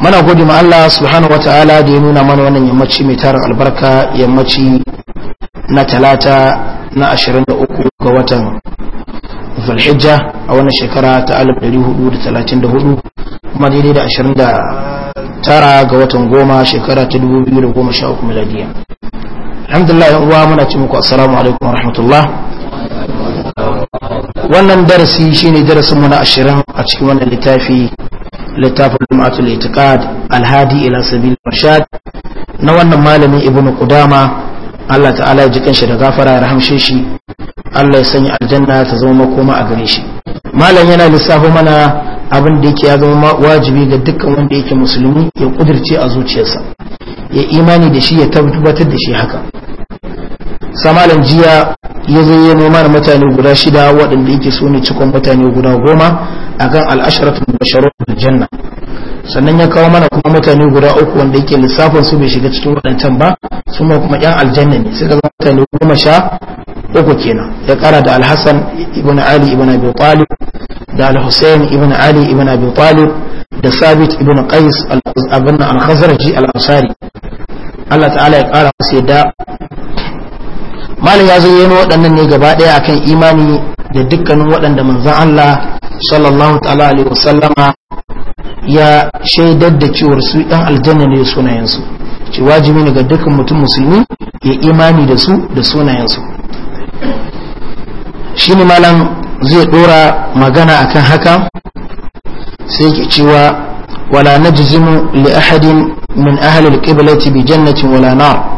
mana gode ma Allah subhanahu wataala da ya nuna mana wannan yammaci mai tarin albarka yammaci na talata na 23 ga watan zulhijja a wannan shekara ta 1434 kuma daidai da 29 ga watan goma shekara ta 2013 miladiya alhamdulillah yan uwa muna ci muku assalamu alaikum warahmatullah wannan darasi shine darasin mu na 20 a cikin wannan littafi littafin lumatul itiqad alhadi ila sabil rashad na wannan malamin ibnu qudama Allah ta'ala ya ji kanshi da gafara ya rahamshe shi Allah ya sanya aljanna ta zama makoma a gare shi malam yana lissafo mana abin da yake ya zama wajibi ga dukkan wanda yake musulmi ya kudirce a zuciyarsa ya imani da shi ya tabbatar da shi haka malam jiya ya zayyano mana mutane guda shida waɗanda yake so ne cikon mutane guda goma akan al'asharatu basharu janna sannan ya kawo mana kuma mutane guda uku wanda yake lissafin su bai shiga cikin waɗancan ba su ma kuma yan aljanna ne suka zama mutane goma sha uku kenan ya kara da alhassan ibn ali ibn abi talib da alhussein ibn ali ibn abi talib da sabit ibn qais abin al-khazraji al-ansari Allah ta'ala ya kara masa yadda malam ya zai yi waɗannan ne gaba ɗaya akan imani da dukkanin waɗanda manzon Allah sallallahu ta'ala alaihi wasallama ya shaidar da cewar su ɗan aljanna ne sunayensu ce wajibi ne ga dukkan mutum musulmi ya imani da su da sunayensu shi ne malam zai ɗora magana akan haka sai ke cewa wala najzimu li ahadin min ahli alqiblati bi jannatin wala nar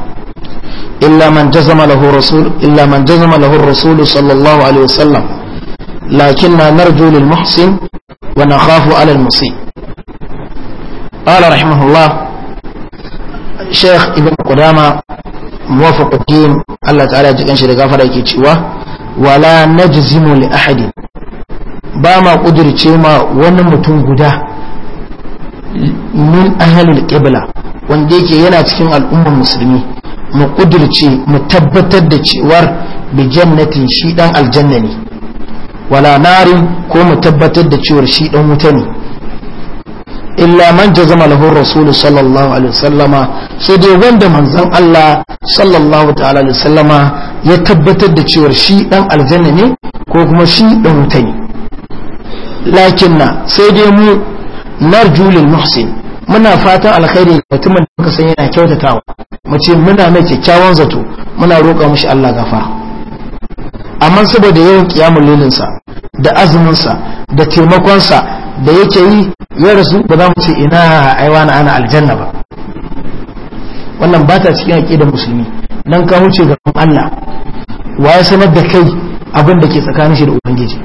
إلا من جزم له رسول إلا من جزم له الرسول صلى الله عليه وسلم لكننا نرجو للمحسن ونخاف على المسيء قال رحمه الله شيخ ابن قدامة موافق الدين الله تعالى جكن شي غفر yake cewa wala najzimu li ahadi ba ma kudirce ma wani mutum guda min ahlul qibla wanda yake yana cikin al'ummar musulmi mu kudirce mu tabbatar da cewar bi jannatin shi dan aljanna ne wala narin ko mu tabbatar da cewar shi dan wuta ne illa man jazama lahu rasulu sallallahu alaihi wasallama sai dai wanda manzon Allah sallallahu ta'ala alaihi wasallama ya tabbatar da cewar shi dan aljanna ne ko kuma shi dan wuta ne lakinna sai dai mu narju muhsin muna fatan alkhairi mutumin da muka san yana kyautatawa mu ce muna mai kyakkyawan zato muna roƙa mushi Allah gafara amma saboda yawan kiyamul lilin sa da azumin sa da taimakon sa da yake yi ya rasu ba za mu ce ina ai na ana aljanna ba wannan ba ta cikin aqidar musulmi nan ka huce gaban Allah wa ya sanar da kai abin da ke tsakanin shi da ubangiji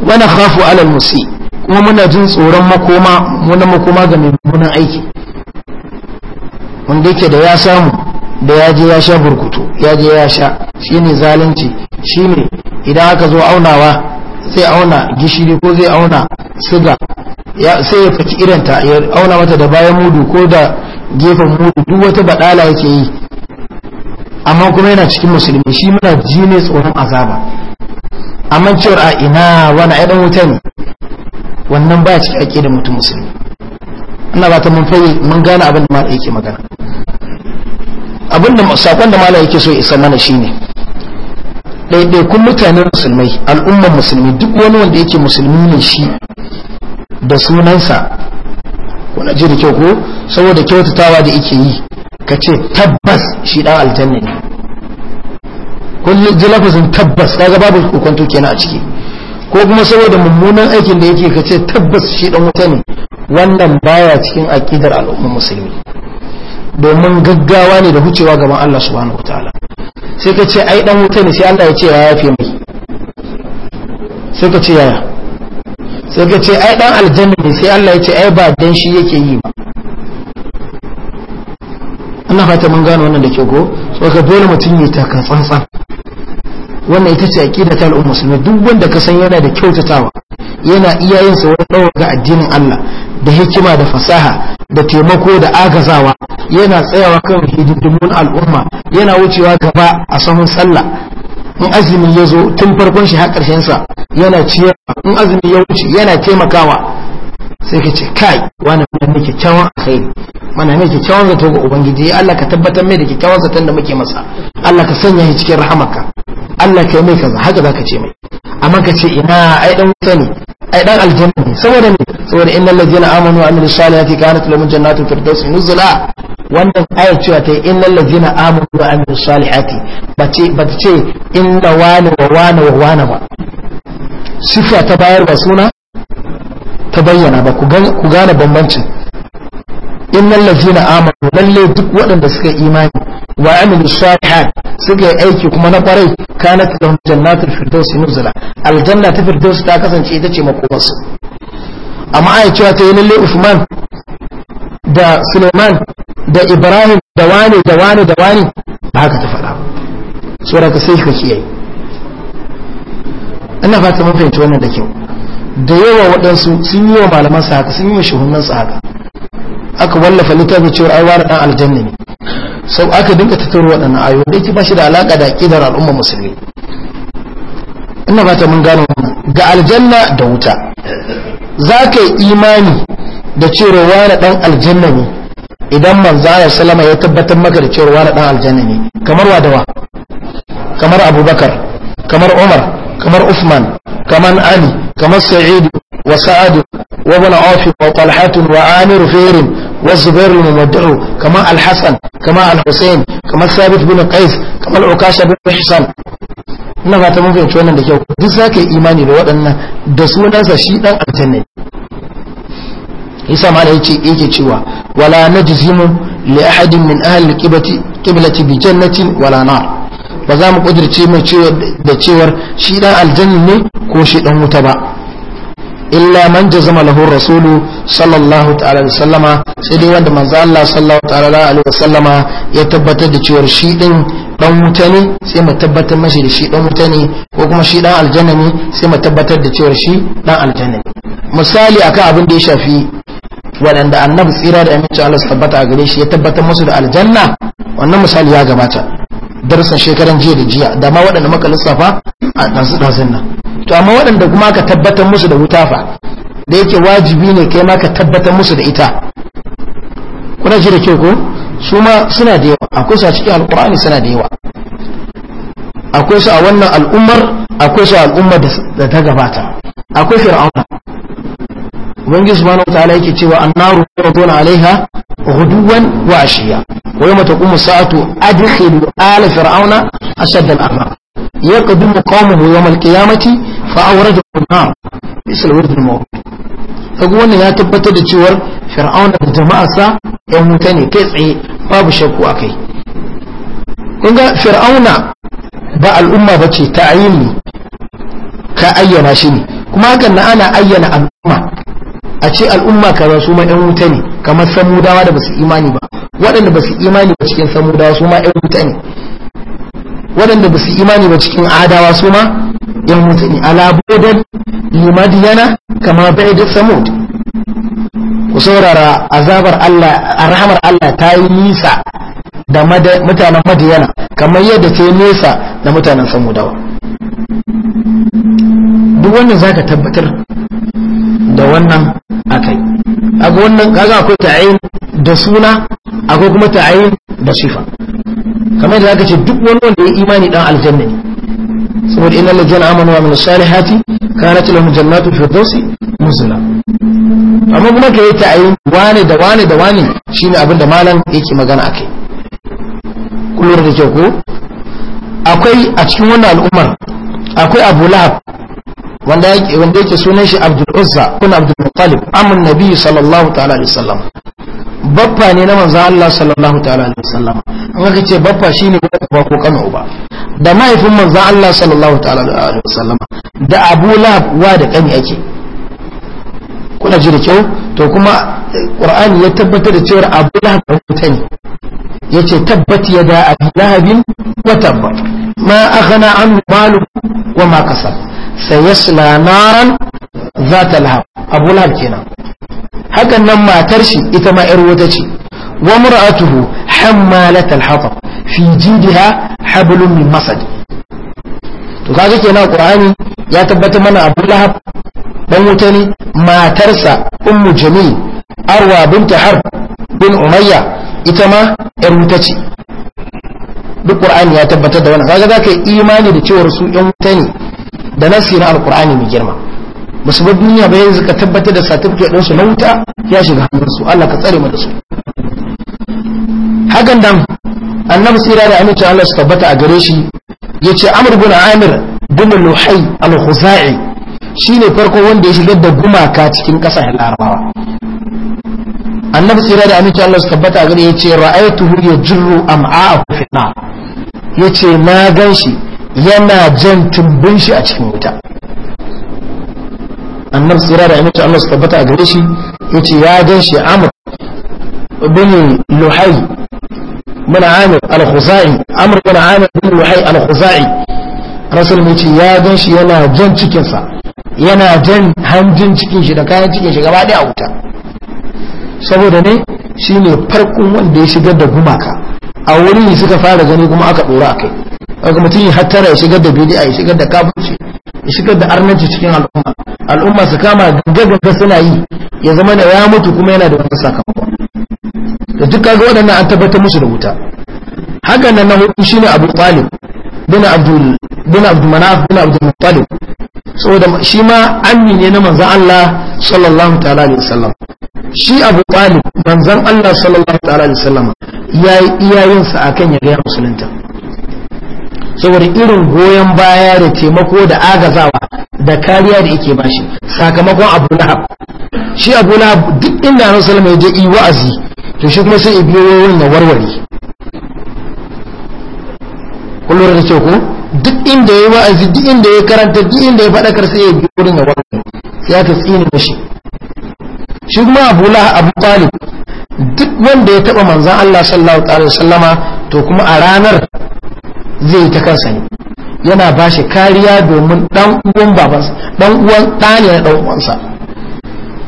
wa nakhafu ala al musii kuma muna jin tsoron makoma muna makoma ga mummunan aiki wanda yake da ya samu da ya je ya sha burkutu ya je ya sha shine zalunci shine idan aka zo aunawa sai auna gishiri ko zai auna siga sai ya faki iranta ya auna mata da bayan mudu ko da gefen mudu duk wata badala yake yi amma kuma yana cikin musulmi shi muna ji ne tsoron azaba amma cewar a ina wani ɗan wuta ne wannan ba baya ake da mutum musulmi ina ba ta mun fayi mun gane abin da ma yake magana abin da sakon da malai yake so ya isa mana shine ɗaiɗaikun mutanen musulmai al'ummar musulmi duk wani wanda yake musulmi ne shi da sunansa wani ji da kyau ko saboda kyautatawa da yake yi ka ce tabbas shi ɗan aljanna ne kullu ji lafazin tabbas kaga babu hukunto kenan a ciki ko kuma saboda mummunan aikin da yake kace tabbas shi dan wuta ne wannan baya cikin aqidar al'umma musulmi domin gaggawa ne da hucewa gaban Allah subhanahu wataala sai kace ai dan wuta ne sai Allah ya ce ya yafe mai sai kace yaya sai kace ai dan aljanna ne sai Allah ya ce ai ba dan shi yake yi ba ina fata mun gano wannan da ke ko saboda ka dole mutum ya taka tsantsan wannan ita ce aqida ta al'ummar musulmi duk wanda ka san yana da kyautatawa yana iyayen sa wani dawo ga addinin Allah da hikima da fasaha da taimako da agazawa yana tsayawa kan hidindimun al'umma yana wucewa gaba a sahun sallah in azumi ya zo tun farkon shi har karshen sa yana ciyarwa in azumi ya wuce yana taimakawa sai ka ce kai wani mana ne kyakkyawan alkhairi mana ne kyakkyawan zato ga ubangiji Allah ka tabbatar mai da kyakkyawan zaton da muke masa Allah ka sanya shi cikin rahamarka Allah kai mai kaza haka zaka ce mai amma ka ce ina ai dan wuta ne ai dan aljanna ne saboda me saboda innal ladzina amanu wa amilus salihati kanat lahum jannatul firdaus nuzula wannan ayat cewa ta innal ladzina amanu wa amilus salihati bace bace ce inna wani wa wani wa wani ba sifa ta bayar ba suna ta bayyana ba ku gane bambancin innal ladzina amanu lalle duk waɗanda suka imani wa amilu salihat suka yi aiki kuma na kwarai kanat lahum jannatul firdaus nuzula aljanna ta firdaus ta kasance ita ce makomarsu amma ai cewa ta yi lalle Usman da Suleiman da Ibrahim da wani da wani da wani ba haka ta faɗa sura ka sai ka kiyaye ina fata mun fahimci wannan da kyau da yawa waɗansu sun yi wa malaman su haka sun yi wa shugabannin su haka aka wallafa littafi cewa ai wani dan aljanna ne sau aka dinka tattaro waɗannan ayoyi da yake ba shi da alaka da al'ummar al'umma musulmi ina ba ta mun gano ga aljanna da wuta za ka yi imani da cewa wani dan aljanna ne idan manzara salama ya tabbatar maka da cewa wani dan aljanna ne kamar wa kamar abubakar kamar umar kamar usman kamar ali kamar sa'idu وسعد وابن عوف وطلحة وعامر فير والزبير الممدع كما الحسن كما الحسين كما ثابت بن قيس كما العكاشة بن حسان ina fata mun fahimci wannan da kyau duk ka yi imani da waɗannan da sunansa shi ɗan aljanna yasa malai yace yake cewa wala najzimu li ahadin min ahli qiblati qiblati bi jannatin wala na ba za mu kudirce mai cewa da cewar shi ɗan aljanna ne ko shi ɗan wuta ba illa man jazama lahu rasulu sallallahu ta'ala alaihi wasallama sai dai wanda manzo Allah sallallahu ta'ala alaihi wasallama ya tabbatar da cewa shi din dan mutane sai mu tabbatar mashi da shi dan mutane ko kuma shi dan aljanna ne sai mu tabbatar da cewa shi dan aljanna ne misali akan abin da ya shafi waɗanda annabi tsira da aminci Allah su tabbata a gare shi ya tabbatar musu da aljanna wannan misali ya gabata darsan shekaran jiya da jiya da ma waɗanda maka lissafa a ɗansu ɗansun nan to amma waɗanda kuma ka tabbatar musu da wuta fa da yake wajibi ne kai ma ka tabbatar musu da ita kuna ji da kyau ko su ma suna da yawa akwai su a cikin alƙur'ani suna da yawa akwai su a wannan al'ummar akwai su a al'ummar da ta gabata akwai fir'auna ubangiji subhanahu ta'ala yake cewa annaru yaduna alaiha غدوا وعشيا ويوم تقوم الساعة أدخل آل فرعون أشد الأعمار يقدم قومه يوم القيامة فأورده النار بئس الورد الموت فقولنا يا تبت دجور فرعون الجماعة يوم تاني كيسعي باب شكو أكي كنت فرعون ba al'umma bace ta ayyani ka ayyana shi ne kuma hakan na ana ayyana al'umma a ce al'umma kaza su ma 'yan wuta ne kamar samudawa da basu imani ba waɗanda basu imani ba cikin samudawa su ma 'yan wuta ne waɗanda basu imani ba cikin adawa su ma 'yan wuta ne alabodan limadiyana kama bai da samud ku saurara azabar Allah a rahamar Allah ta yi nisa da mutanen madiyana kamar yadda ta yi nesa da mutanen samudawa duk wannan zaka tabbatar da wannan akai kaga wannan kaga akwai ta'ayin da suna akwai kuma ta'ayin da sifa kamar da zaka ce duk wani wanda ya imani dan aljanna ne saboda innal ladina amanu wa amilus salihati kanat lahum jannatu firdausi nuzula amma kuma ka yi ta'ayin wane da wani da wani shine abin da malam yake magana akai kullu da kyau ko akwai a cikin wannan al'ummar akwai Abu Lahab wanda yake wanda yake sunan shi Abdul Uzza kun Abdul Muttalib amun Nabi sallallahu ta'ala alaihi wasallam baffa ne na manzo Allah sallallahu ta'ala alaihi wasallam an ga ce baffa shine ba ko kana uba da mahaifin manzo Allah sallallahu ta'ala alaihi wasallam da Abu Lahab wa da kani ake kuna ji da kyau to kuma ƙur'ani eh, ya tabbatar da cewa abu lahab wuta ne yace tabbat da abi lahabin wa tabba ma aghna an malu wa ma kasab sayasla za ta lahab abu lahab kenan hakan nan matar shi ita ma yar wata ce wa mar'atuhu hammalat al-hatab fi jidha hablum min masad to kaga kenan qur'ani ya tabbata mana abu lahab dan wuta ne matarsa ummu jamil arwa binta har bin umayya ita ma yar wuta ce duk qur'ani ya tabbatar da wannan kaga zaka yi imani da cewar su yan wuta ne da nasi na alqur'ani mai girma musu ba duniya ba yanzu ka tabbatar da certificate din su na wuta ya shiga hannun su Allah ka tsare mu da su hakan dan annabi tsira da amincin Allah su tabbata a gare shi yace amr bin amir bin luhay al-khuzai ne farko wanda ya shigar da gumaka cikin kasashen larabawa annabi tsira da aminci Allah su tabbata a gare yace ra'aytuhu yajru a fi nar yace na ganshi yana jan tumbin shi a cikin wuta annabi tsira da aminci Allah su tabbata a gani shi ce ya ganshi luhai muna amur al khuzai amur عمر amur bani luhai al khuzai rasul mai ce ya gan shi yana jan cikinsa yana jan hanjin cikin da kayan cikin shi gaba ɗaya a wuta saboda ne shi ne farkon wanda ya shigar da gumaka a wurin suka fara gani kuma aka ɗora a kai aka mutum yi hattara ya shigar da bidi'a ya shigar da kafinci ya shigar da arnanci cikin al'umma al'umma su kama gaggaga suna yi ya zama da ya mutu kuma yana da wani sakamakon da duk kaga waɗannan an tabbatar musu da wuta hakan nan na hudu shine abu talib bin abdul bin abdul manaf bin abdul muttalib saboda shi ma ammi ne na manzan Allah sallallahu ta'ala alaihi wasallam shi abu talib manzan Allah sallallahu ta'ala alaihi wasallam yayi iyayensa akan ya ga musulunta saboda irin goyon baya da taimako da agazawa da kariya da yake bashi sakamakon abu lahab shi abu lahab duk inda na sallallahu alaihi ya je yi wa'azi to shi kuma sai ibiyoyin na warware kullum da ce ko duk inda ya wa'azi duk inda ya karanta duk inda ya faɗakar karsa ya yi wurin ya wani ya ta tsini da shi kuma abu la abu talib duk wanda ya taɓa manzan Allah sallallahu alaihi wasallama to kuma a ranar zai ta kansa ne yana ba shi kariya domin dan uwan babansa dan uwan ɗani na dan uwansa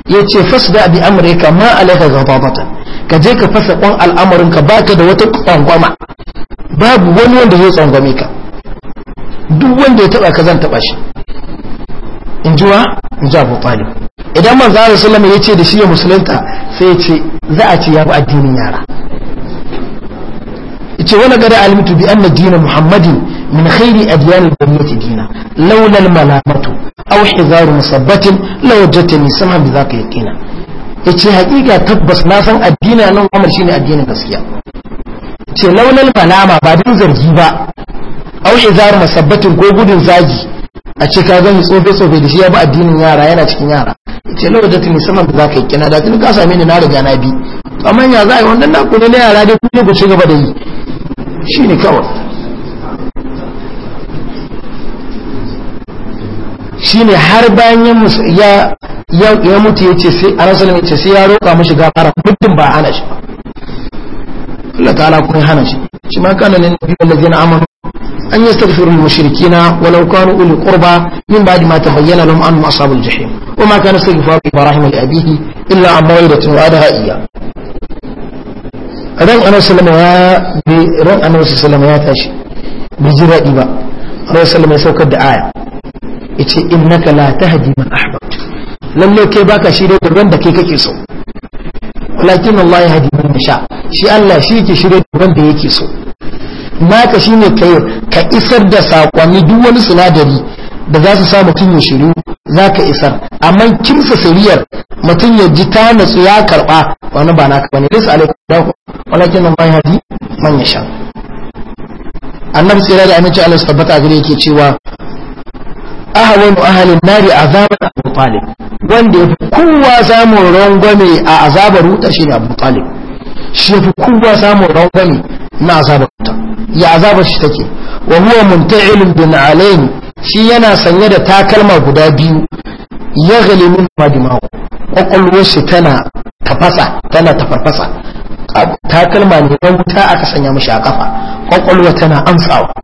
ya ce da bi amurka ma alaika gababata ka je ka fasa kwan al'amarinka ka da wata kwangwama babu wani wanda zai tsangwame ka duk wanda ya taba ka zan taba shi in ji wa in ji abu talib idan manzo Allah sallama ya ce da shi ya musulunta sai ya ce za a ce ya bi addinin yara yace wala gada alimtu bi anna dina muhammadin min khairi adyan al-ummati dina laula al-malamatu aw hizaru musabbatin la wajadtani sama bi zaka yaqina yace haƙiƙa tabbas na san addina nan Muhammad shine addinin gaskiya ce laulal malama ba din zargi ba au izar masabbatin ko gudun zagi a ce ka gani tsofe tsofe da shi ya bi addinin yara yana cikin yara ce lura da tuni saman da zaka yi kina da tuni ka same ni na riga na bi amma ya za a yi wannan na ne na yara dai kuma ku ci gaba da yi shine kawai shine har bayan ya ya mutu yace sai a yace sai ya roƙa mashi gafara muddin ba ana shi ba Allah ta'ala kun hana shi shi ma kana da nabi na amanu an yastaghfiru lil mushrikina walau kanu uli qurba min ba'di ma tabayyana lahum annahum ashabul jahim Ko ma kana istighfaru ibrahim li abihi illa an mawidatin wa'adaha iya ran annabi sallallahu ya bi ran annabi sallama ya tashi bi jira ba annabi sallama ya saukar da aya yace innaka la tahdi man ahbabta lalle kai baka shi dai-dai da wanda kai kake so lakin Allah ya hadi mun sha shi Allah shi yake shirye da wanda yake so naka shine kai ka isar da sakonni duk wani sinadari da za su sa mutum ya shiru za ka isar amma kimsa sariyar mutum ya ji ta natsu ya karɓa wani ba naka bane lis alaikum da walakin Allah ya hadi mun sha. annabi tsira da aminci Allah tabbata gare yake cewa ahawanu ahalin nari azaban abu talib wanda ya fi kowa samun rangwame a azabar wuta shi ne abu talib shi ya fi kowa samun rangwame na azabar wuta ya azabar shi take wa huwa da bin alayn shi yana sanye da takalma guda biyu ya gali min madimahu kwakwalwar shi tana tafasa tana tafarfasa takalma ne don wuta aka sanya mashi a kafa kwakwalwar tana amsawa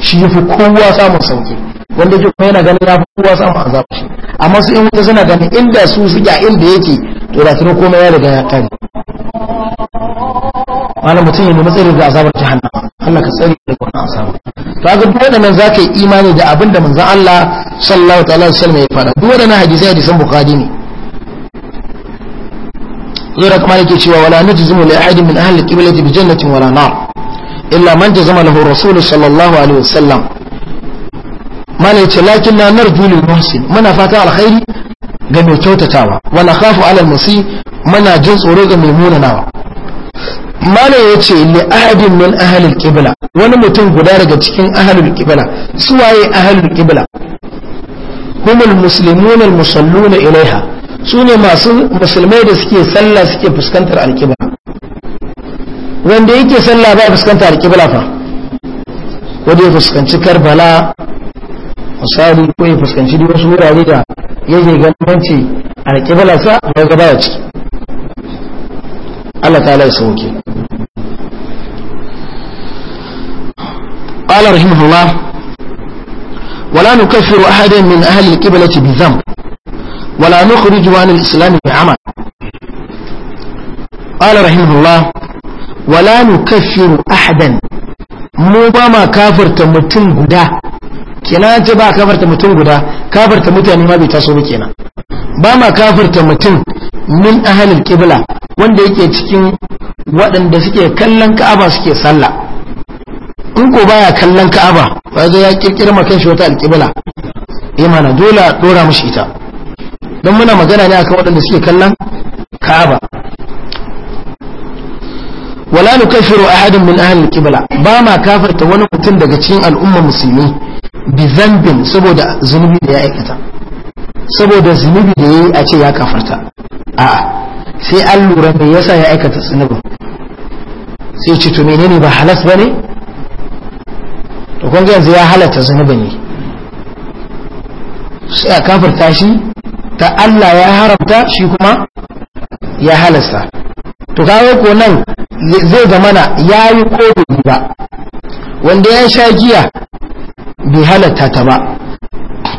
shi ya fi kowa samun sauki wanda ke kuma yana ganin ya fi kowa samun azaba shi amma su in wuta suna ganin inda su suke a inda yake to da tuno komai ya riga ya kare malam mutum ya nemi tsari da azabar jahannama Allah ka tsare da wannan asabar. to a ga nan za ka yi imani da abin abinda manzon Allah sallallahu ta'ala alaihi wasallam ya fada duk wadannan hadisi hadisan bukhari ne zura kuma yake cewa wala najzumu li ahadin min ahli qiblati bi jannatin wala nar illa man jazama lahu rasul sallallahu alaihi wasallam mana yace lakin na narju lil muhsin muna fata alkhairi ga mai kyautatawa wa nakhafu ala al muna jin tsoro ga mai munanawa mana yace li ahadin min ahli al-qibla wani mutum guda daga cikin ahli al-qibla su waye ahli al-qibla humul muslimuna al-musalluna ilaiha sune masu musulmai da suke sallah suke fuskantar al-qibla wanda yake sallah ba fuskantar al fa wanda ya fuskanci Karbala misali ko ya fuskanci duk wasu wurare da ya je ganin ce a rike balasa ba ga baya ciki Allah ta lai sauke qala rahimahullah ولا نكفر احدا من اهل القبلة بذنب ولا نخرج عن الاسلام بعمل قال رحمه الله ولا نكفر احدا مو ما كافر تمتن غدا kenan ce ba kafarta mutum guda kafarta mutane ma bai taso ba kenan ba ma kafarta mutum min ahalil qibla wanda yake cikin waɗanda suke kallon ka'aba suke sallah in ko baya kallon ka'aba ba zo ya kirkira ma kanshi wata alkibla imana eh dole dora mishi ita don muna magana ne akan waɗanda suke kallon ka'aba wala nukaffiru ahadin min ahalil qibla ba ma kafarta wani mutum daga cikin al'ummar musulmi bi zambin saboda zunubi da ya aikata saboda zunubi da ya yi a ce ya kafarta a sai an lura mai yasa ya aikata zunubi sai ce to menene ba halas ba ne to kun yanzu ya halatta zunubi ne sai a kafarta shi ta Allah ya haramta shi kuma ya halasta to kawo ko nan zai zamana ya yi ko ba wanda ya sha giya bai halatta ta ba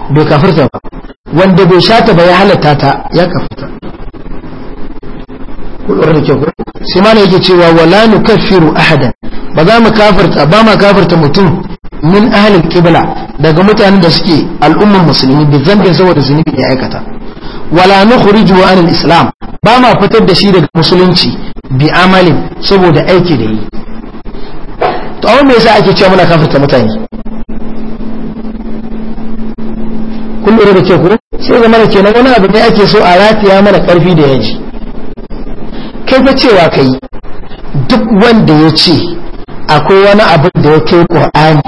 bai kafirta ba wanda bai sha ba ya halatta ta ya kafirta kullurar da na sai mana yake cewa wala kafiru ahadan ba za mu kafirta ba ma kafirta mutum min ahalin kibla daga mutanen da suke al'ummar musulmi bi zambin saboda zunubi da aikata wala nukhriju anil islam ba ma fitar da shi daga musulunci bi amalin saboda aiki da yi to awon me yasa ake cewa muna kafirta mutane kun lura da ce ko sai zama da kenan wani abu ne ake so a rafiya mana karfi da yaji kai fa cewa kai duk wanda ya ce akwai wani abu da ya kai qur'ani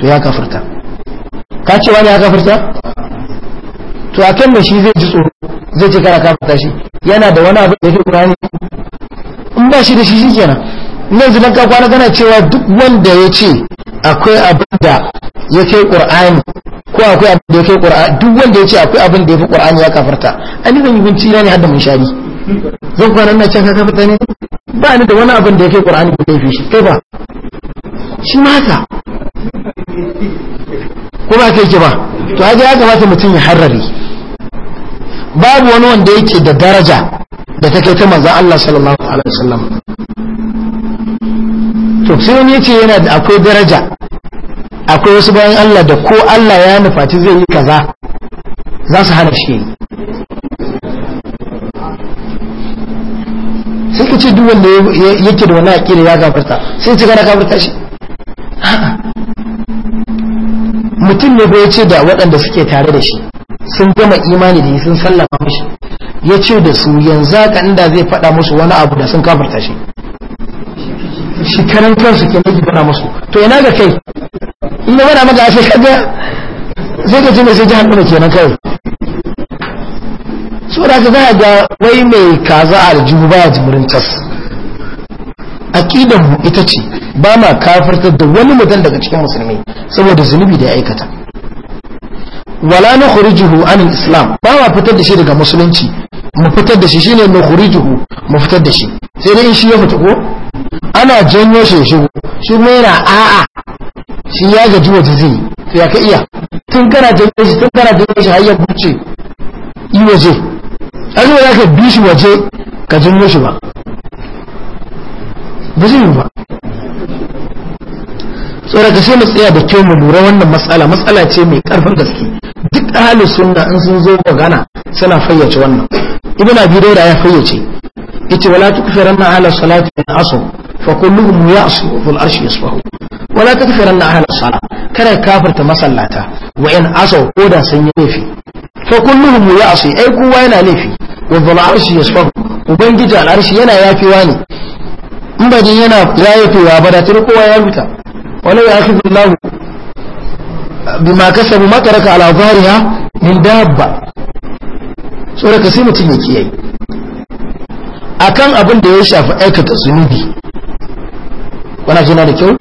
to ya kafirta ka ce wani ya kafirta to a kan shi zai ji tsoro zai ce kara kafirta shi yana da wani abu da ya kai qur'ani in ba shi da shi shikenan yanzu dan ka kwana kana cewa duk wanda ya ce akwai abin da ya kai qur'ani ko akwai abin da ya kai ƙura'a duk wanda ya ce akwai abin da ya fi qur'ani ya kafarta an yi zanyi binci ne hada mun shari zan kwanan na can kaka kafarta ne ba ni da wani abin da ya kai qur'ani ba laifi shi kai ba shi ma haka ko ba kai ki ba to haka ya kamata mutum ya harare babu wani wanda yake da daraja da kai ta manzan Allah sallallahu alaihi wasallam to sai wani yace yana da akwai daraja akwai wasu bayan Allah da ko Allah ya nufaci zai yi kaza za su hana shi sai ka ce duk wanda yake da wani aƙira ya gafarta sai ci gana gafarta shi mutum ne bai ce da waɗanda suke tare da shi sun gama imani da yi sun sallama mashi ya ce da su yanzu haka inda zai faɗa musu wani abu da sun kafarta shi shi karan kansu ke mai gibana musu to yana ga kai in na maka sai kaga sai ka ce mai sai jihar ke nan kawai so da ka zaya ga wai mai kaza a aljihu baya jimirin tas Aƙidan mu ita ce ba ma kafirtar da wani mutum daga cikin musulmi saboda zunubi da ya aikata wala na khurijuhu anil islam ba ma fitar da shi daga musulunci mu fitar da shi shine na khurijuhu mu fitar da shi sai dai in shi ya fita ko ana janyo shi shigo shi kuma yana a'a shi ya gaji waje zai ya ka iya tun kana jami'ai shi tun kana jami'ai shi har buce yi waje an ya ka bi shi waje ka janyo shi ba ba zai yi ba tsoron ka sai mu tsaya da kyau mu lura wannan matsala matsala ce mai karfin gaske duk ahli sunna in sun zo gana suna fayyace wannan ibn biyu da ya fayyace ita wala na ala salati min Aso, fa kulluhum ya'su fil arshi yasbahu wala ranar ahla salah kada ka kafirta masallata wa in asau ko da sun yi laifi fa ya ya'si ai kowa yana laifi wa dhul arshi yasfahu ubangiji al arshi yana yafewa ne in ba din yana yafewa ba da tare kowa ya huta wala ya'khudhu Allahu bima kasabu ma taraka ala dhahriha min dabba saboda ka sai mutum ya kiyaye akan abin da ya shafi aikata zunubi wana jina da kyau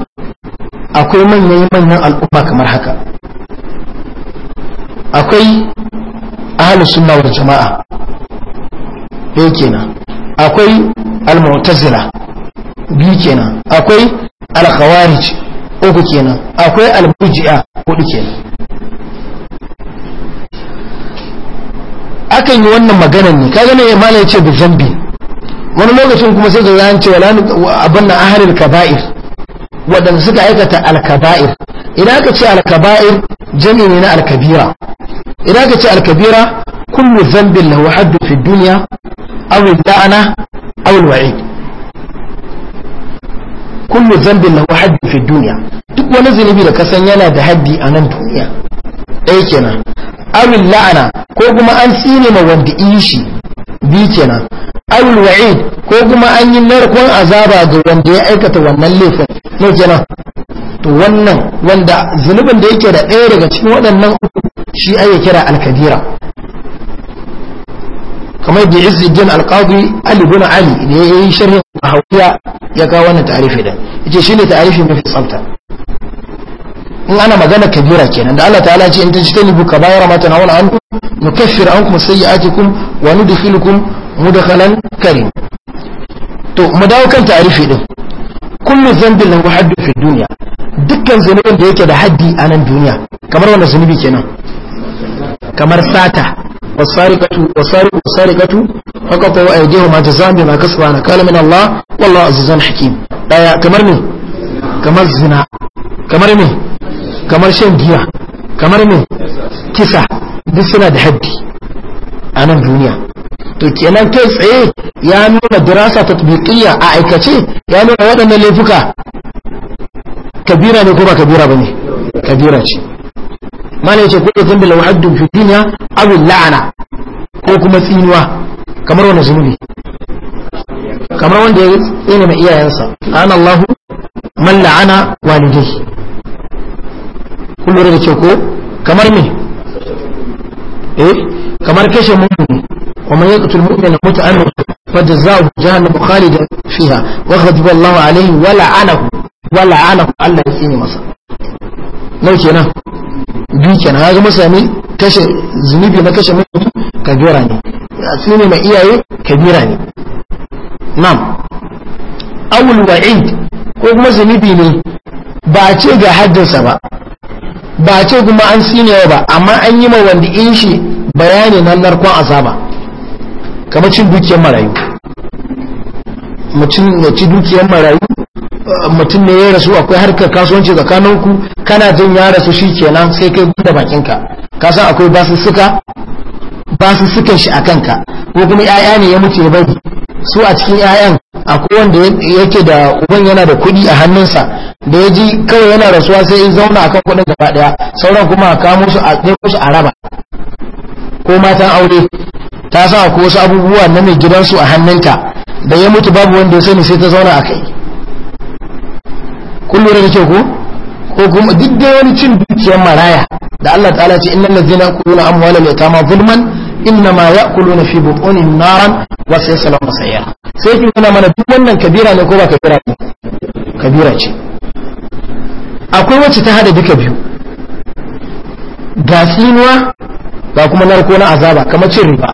akwai manyan manyan al'umma kamar haka akwai ahalus sunna wal jama'a ɗaya kenan akwai al-mu'tazila biyu kenan akwai al-khawarij uku kenan akwai al-murji'a hudu kenan akan yi wannan maganar ne kaga ne malai ce bi zambi wani lokacin kuma sai da zan ce wala abin na ahalil kaba'ir waɗanda suka aikata alkaba'ir idan aka ce alkaba'ir jami ne na alkabira idan aka ce alkabira kullu zambin lahu haddu fi duniya aw la'ana aw alwa'id kullu zambin lahu haddu fi duniya duk wani zunubi da kasan yana da haddi a nan duniya ɗaya kenan aw la'ana ko kuma an tsine ma wanda yi shi bi kenan awul wa'id ko kuma an yi narkon azaba ga wanda ya aikata wannan laifin ne kenan to wannan wanda zunubin da yake da ɗaya daga cikin waɗannan shi ake kira alkabira kamar da izzuddin alqadi ali ibn ali da ya yi sharhin hawiya ya kawo wannan ta'arifi da shi ne ta'arifi mafi tsafta in ana magana kabira kenan da Allah ta'ala ce in tajtanibu kabaira na tanawuna an nukaffir ankum wani wa nudkhilukum mudakhalan karin to mu dawo kan tarifi din kullu zambin lahu haddu fi duniya dukkan zunubin da yake da haddi a nan duniya kamar wanda zunubi kenan kamar sata wasu wasariqatu wasariqu wasariqatu faqatu aydihuma jazaa'an bima kasuwa nakala kalamin Allah wallahu azizan hakim daya kamar ne kamar zina kamar ne kamar shan giya kamar ne kisa duk suna da haddi a nan duniya to kenan kai tsaye ya nuna dirasa tatbiqiyya a aikace ya nuna waɗannan laifuka kabira ne ko ba kabira bane kabira ce mana yace ko zan da lawa'addu fi dunya abu la'ana ko kuma tsinuwa kamar wani zunubi kamar wanda ya tsina mai iyayensa ana Allah man la'ana walidai kullu da ke ko kamar me eh kamar kashe mummuni ومن يقتل مؤمنا متعمدا فجزاؤه جهنم خالدا فيها وغضب الله عليه ولعنه ولعنه الله يسيني مسا لو كنا biyu kenan ya zama sami kashe zunubi na kashe mutum kabira ne asini iyaye kabira ne nam awul wa'id ko kuma zunubi ne ba ce ga haddinsa ba ba ce kuma an sinewa ba amma an yi ma wanda in shi bayani na narkon azaba kamar cin dukiyar marayu mutum ya ci dukiyar marayu mutum ne ya rasu akwai harkar kasuwanci tsakaninku kana jin ya rasu shi kenan sai kai gunda bakinka ka san akwai basu basussukan shi a kanka ko kuma 'ya'ya ne ya mutu ya bari su a cikin 'ya'yan akwai wanda yake da uban yana da kuɗi a hannunsa da ya ji kawai yana rasuwa sai in zauna akan kuɗin gaba ɗaya sauran kuma a kamo su a ɗaya a raba ko matan aure ta sa ko wasu abubuwa na mai gidansu a hannunta da ya mutu babu wanda ya sani sai ta zauna a kai kun lura da ke ko ko kuma duk da wani cin dukiyar maraya da Allah ta'ala ce innal ladzina yaquluna amwala al-yatama zulman innama na fi butunihim naran wa sayaslamu sayara sai ki nuna mana duk wannan kabira ne ko ba kabira ne kabira ce akwai wacce ta hada duka biyu ga ba ga kuma narko na azaba kamar cin riba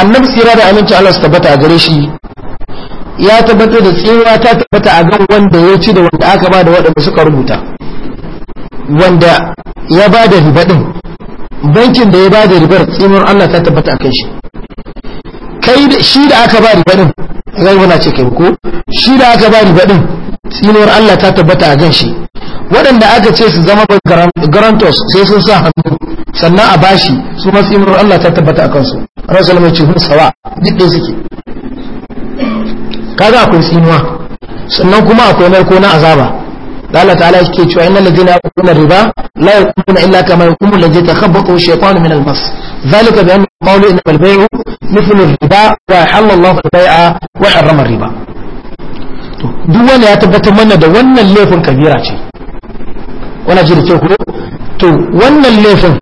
annabi sira da aminci Allah su tabbata a gare shi ya tabbatar da tsira ta tabbata a gan wanda ya ci da wanda aka ba da waɗanda suka rubuta wanda ya ba da riba ɗin bankin da ya ba da ribar tsirar Allah ta tabbata a kan shi kai shi da aka ba riba ɗin zai wana ce kai ko shi da aka ba riba ɗin Allah ta tabbata a gan shi waɗanda aka ce su zama garantos sai sun sa hannu sannan a bashi su ma tsirar Allah ta tabbata a kansu ana salama sawa duk ɗaya suke kaga akwai tsinuwa sannan kuma akwai narko na azaba da Allah ta'ala yake cewa innal ladina yaquluna riba la yaquluna illa kama yaqulu alladhi takhabbathu shaytanu min al-mas dhalika bi anna mithlu ar-riba wa al-bay'a wa harrama ar-riba to duk wanda ya tabbatar mana da wannan laifin kabira ce wannan ji da ce ko to wannan laifin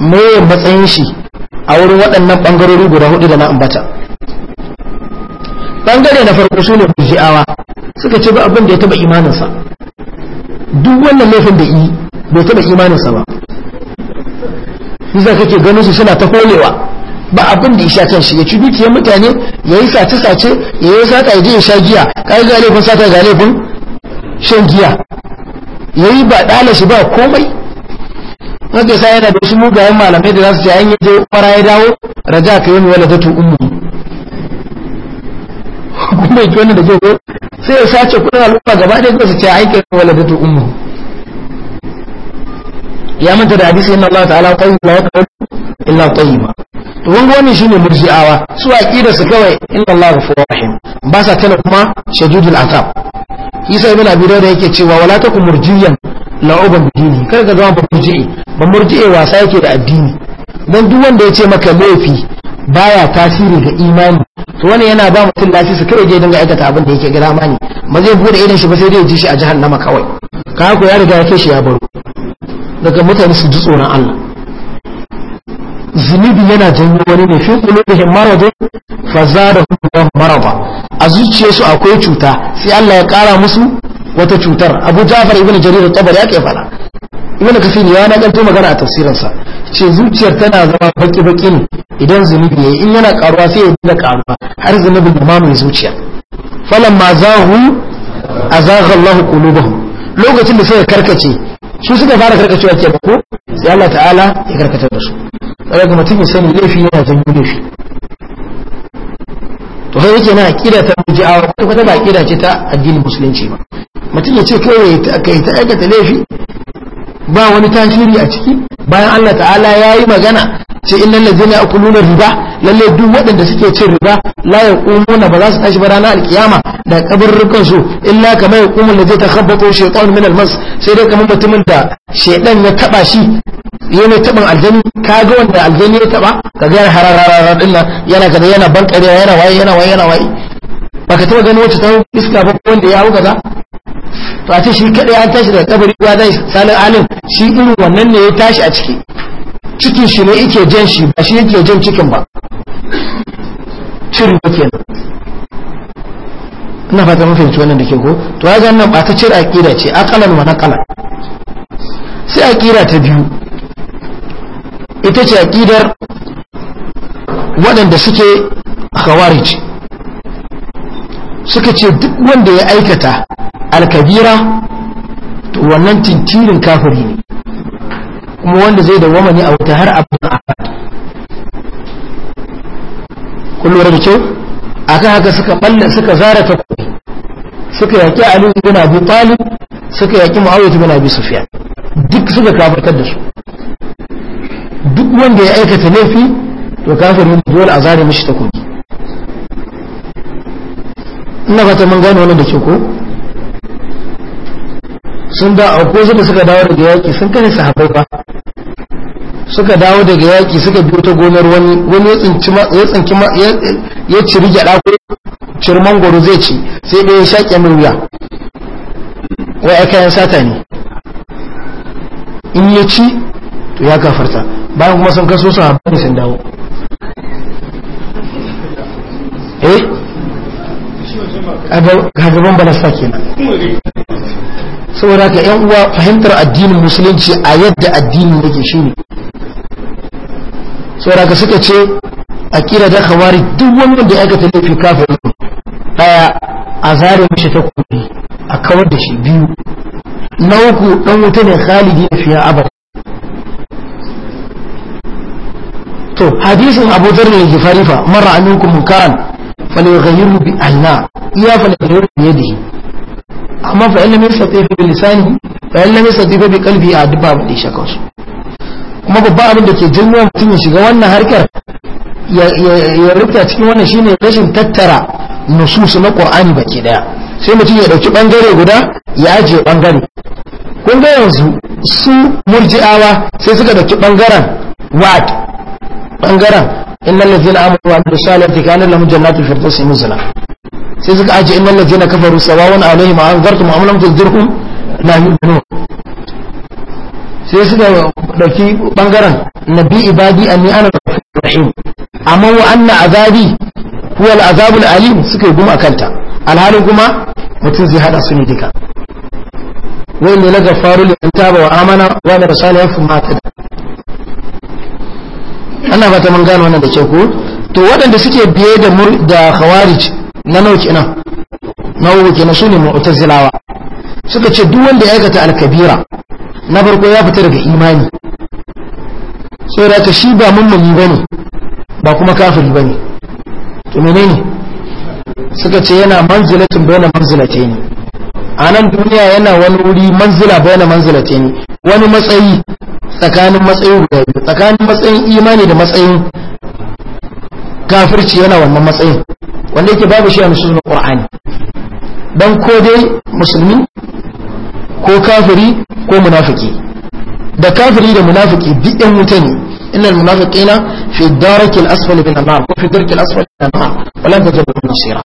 me matsayin shi a wurin waɗannan ɓangarori guda hudu da na ambata ɓangare na farko sune ne murji'awa suka ce ba abin da ya taɓa imaninsa duk wannan laifin da yi bai taɓa imaninsa ba za kake ganin su suna ta kolewa ba abin da isha kan shi ya ci dukiyar mutane ya yi sace-sace ya yi sata ya je ya sha giya kai ga laifin sata ga laifin shan giya ya yi ba ɗala shi ba komai wanda sai yana da shi mugayen malamai da za su ce an yi je fara ya dawo raja ka yi wala datu ummu kuma yake wannan da ke sai ya sace kudin al'umma gaba ɗaya su ce aikin wala datu ummu ya manta da hadisi inna Allah ta'ala tayyib la yaqbalu illa tayyiba to wanda wannan shine murji'awa su aqida su kawai inna Allah ghafurur rahim ba sa tana kuma shadidul aqab Isa ibn Abi Dawud yake cewa wala takum murjiyan la'uban dini kar ka zama ba murji'i ba murji'i wasa yake da addini don duk wanda ya ce maka laifi baya tasiri ga imani to wani yana ba mutum su kai je dinga aikata abin da yake gira mani ba zai bude irin shi ba sai dai ji shi a jahannama kawai ka ko ya riga ya kai shi ya baro daga mutane su ji tsoron Allah zunubi yana janyo wani ne fi qulubihim da fazadahum Allah marada a zuciyarsu akwai cuta sai Allah ya kara musu wata cutar abu jafar ibn jarir tabar ya ke fara ibn kafin ya na kanto magana a tafsirinsa ce zuciyar tana zama baki baki ne idan zunubi yayi in yana karuwa sai ya dinga karuwa har zunubin da mamaye zuciya falan ma zahu azagha Allah qulubahum lokacin da suka karkace su suka fara karkacewa ke ko sai Allah ta'ala ya karkatar da su daga ga tun ya sani laifi yana zan laifi to sai yake na akida ta mujiawa ko ta ba akida ce ta addinin musulunci ba mutum ya ce kawai ka yi ta aikata laifi ba wani tashiri a ciki bayan Allah ta'ala ya yi magana ce in lalle zai ya kuluna riba lalle duk waɗanda suke cin riba la umuna ba za su tashi ba ranar alkiyama da kabarrukan su illa kama ya kumun da zai ta habbato shaitan min almas sai dai kamar mutumin da shaidan ya taba shi ya mai taban aljani ka ga wanda aljani ya taba ka ga yana hararararar din nan yana gada yana bankarewa yana waye yana waye yana waye baka taba gani wacce ta iska ba wanda ya hau kaza to a ce shi kadai an tashi daga kabari ba zai sanin alim shi irin wannan ne ya tashi a ciki cikin shi ne yake jan shi ba shi yake jan cikin ba shirin nan. ina fata mafi wannan da ke ko to ya ga nan cire akira ce aqalan wa naqalan sai akira ta biyu ita ce akidar waɗanda suke kawarici. suka ce duk wanda ya aikata alkabira to wannan tintirin kafiri ne kuma wanda zai dawama ne a wata har abin abad kun da kyau a kan haka suka balla suka zara ta kuɗi suka yaki Ali gina bi Talib suka yaƙi Muawiya gina Abi sufiya duk suka kafirtar da su duk wanda ya aikata laifi to kafirin dole a zara mishi ta kuɗi ina fata mun gane wannan da ke ko sun da akwai da suka dawo daga yaki sun kare sahabbai ba suka dawo daga yaki suka biyo ta gonar wani wani ya tsinci ya tsinci ya ciri gyada ko cirman goro zai ci sai dai ya shaƙe min wuya wai ai kayan sata ne in ya ci to ya kafarta bayan kuma sun kaso sahabbai sun dawo a gaban balasta kenan saboda ka yan uwa fahimtar addinin musulunci a yadda addinin yake ne saboda ka suka ce a kira da kawari duk wani da ya aikata laifi kafin daya a zare mishi ta kudi a kawar da shi biyu na uku dan wuta ne khalidi da fiya abar to hadisin abu zarri ya gifari fa mara aminku munkaran فليغيره بأهلا إياه فليغيره بيده أما فإن لم يستطيع بلسانه فإن لم يستطيع بقلبه أدبا من إشاكوش kuma babban abin da ke janyo mutum ya shiga wannan harkar ya rubuta cikin wannan shine rashin tattara nususu na ƙur'ani baki daya sai mutum ya dauki bangare guda ya ajiye bangare kun ga yanzu su murji'awa sai suka dauki bangaren wa'ad bangaren إن الذين آمنوا وعملوا الصالحات كان لهم جنات الفردوس na سيزك أجي إن الذين كفروا سواء عليهم أنذرتم أم لم na yi يؤمنون sai suka ɗauki ɓangaren na bi ibadi a ni ana rahim amma wa anna azabi huwa al'azabul alim suka yi guma kanta alhalin kuma mutum zai hada su ne duka wai ne na gafaru ne ta ba wa amana wa da rasala ya fi mata da ana ba ta mun gano wannan da kyau ko to waɗanda suke biye da mur da khawarij na nauki na na uku sune mu'tazilawa suka ce duk wanda ya aikata al-kabira na farko ya fita daga imani da ka shi ba mummuni bane ba kuma kafiri bane to menene suka ce yana manzilatin bayan manzilatayn a duniya yana wani wuri manzila bayan manzilatayn wani matsayi tsakanin matsayin guda tsakanin matsayin imani da matsayin kafirci yana wannan matsayin wanda yake babu shi a nususun qur'ani dan ko dai musulmi ko kafiri ko munafiki da kafiri da munafiki duk ɗan wuta ne innal munafiqina fi darakil asfali min an-nar ko fi darkil asfali min an-nar walan tajidu nasira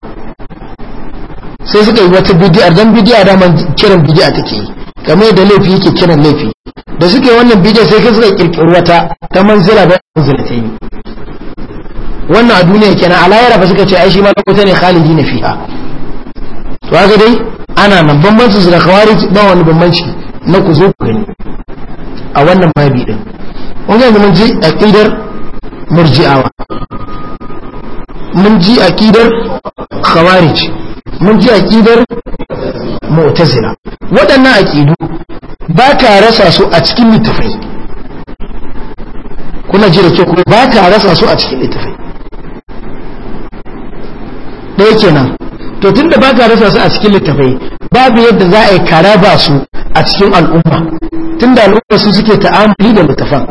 sai suka yi wata bidiyar dan bidiyar da man kiran bidiyar take yi kamar da laifi yake kiran laifi da suke wannan bidiyon sai ka suka kirkiri wata ta manzila da manzila ta yi wannan a duniya kenan a lahira ba suka ce ai shi ma lokuta ne khalidi na fiha to haka dai ana nan bambancin su da khawarij ba wani bambanci na ku zo ku gani a wannan babi din mun ga mun ji aqidar murji'awa mun ji aqidar khawarij mun ji aqidar mu'tazila waɗannan aƙidu ba ka rasa su a cikin littafai kuna jira ke kuma ba ka rasa su a cikin littafai ɗaya kenan to tun da ba ka rasa su a cikin littafai babu yadda za a yi ba su a cikin al'umma tun da al'umma su suke ta'amuli da littafan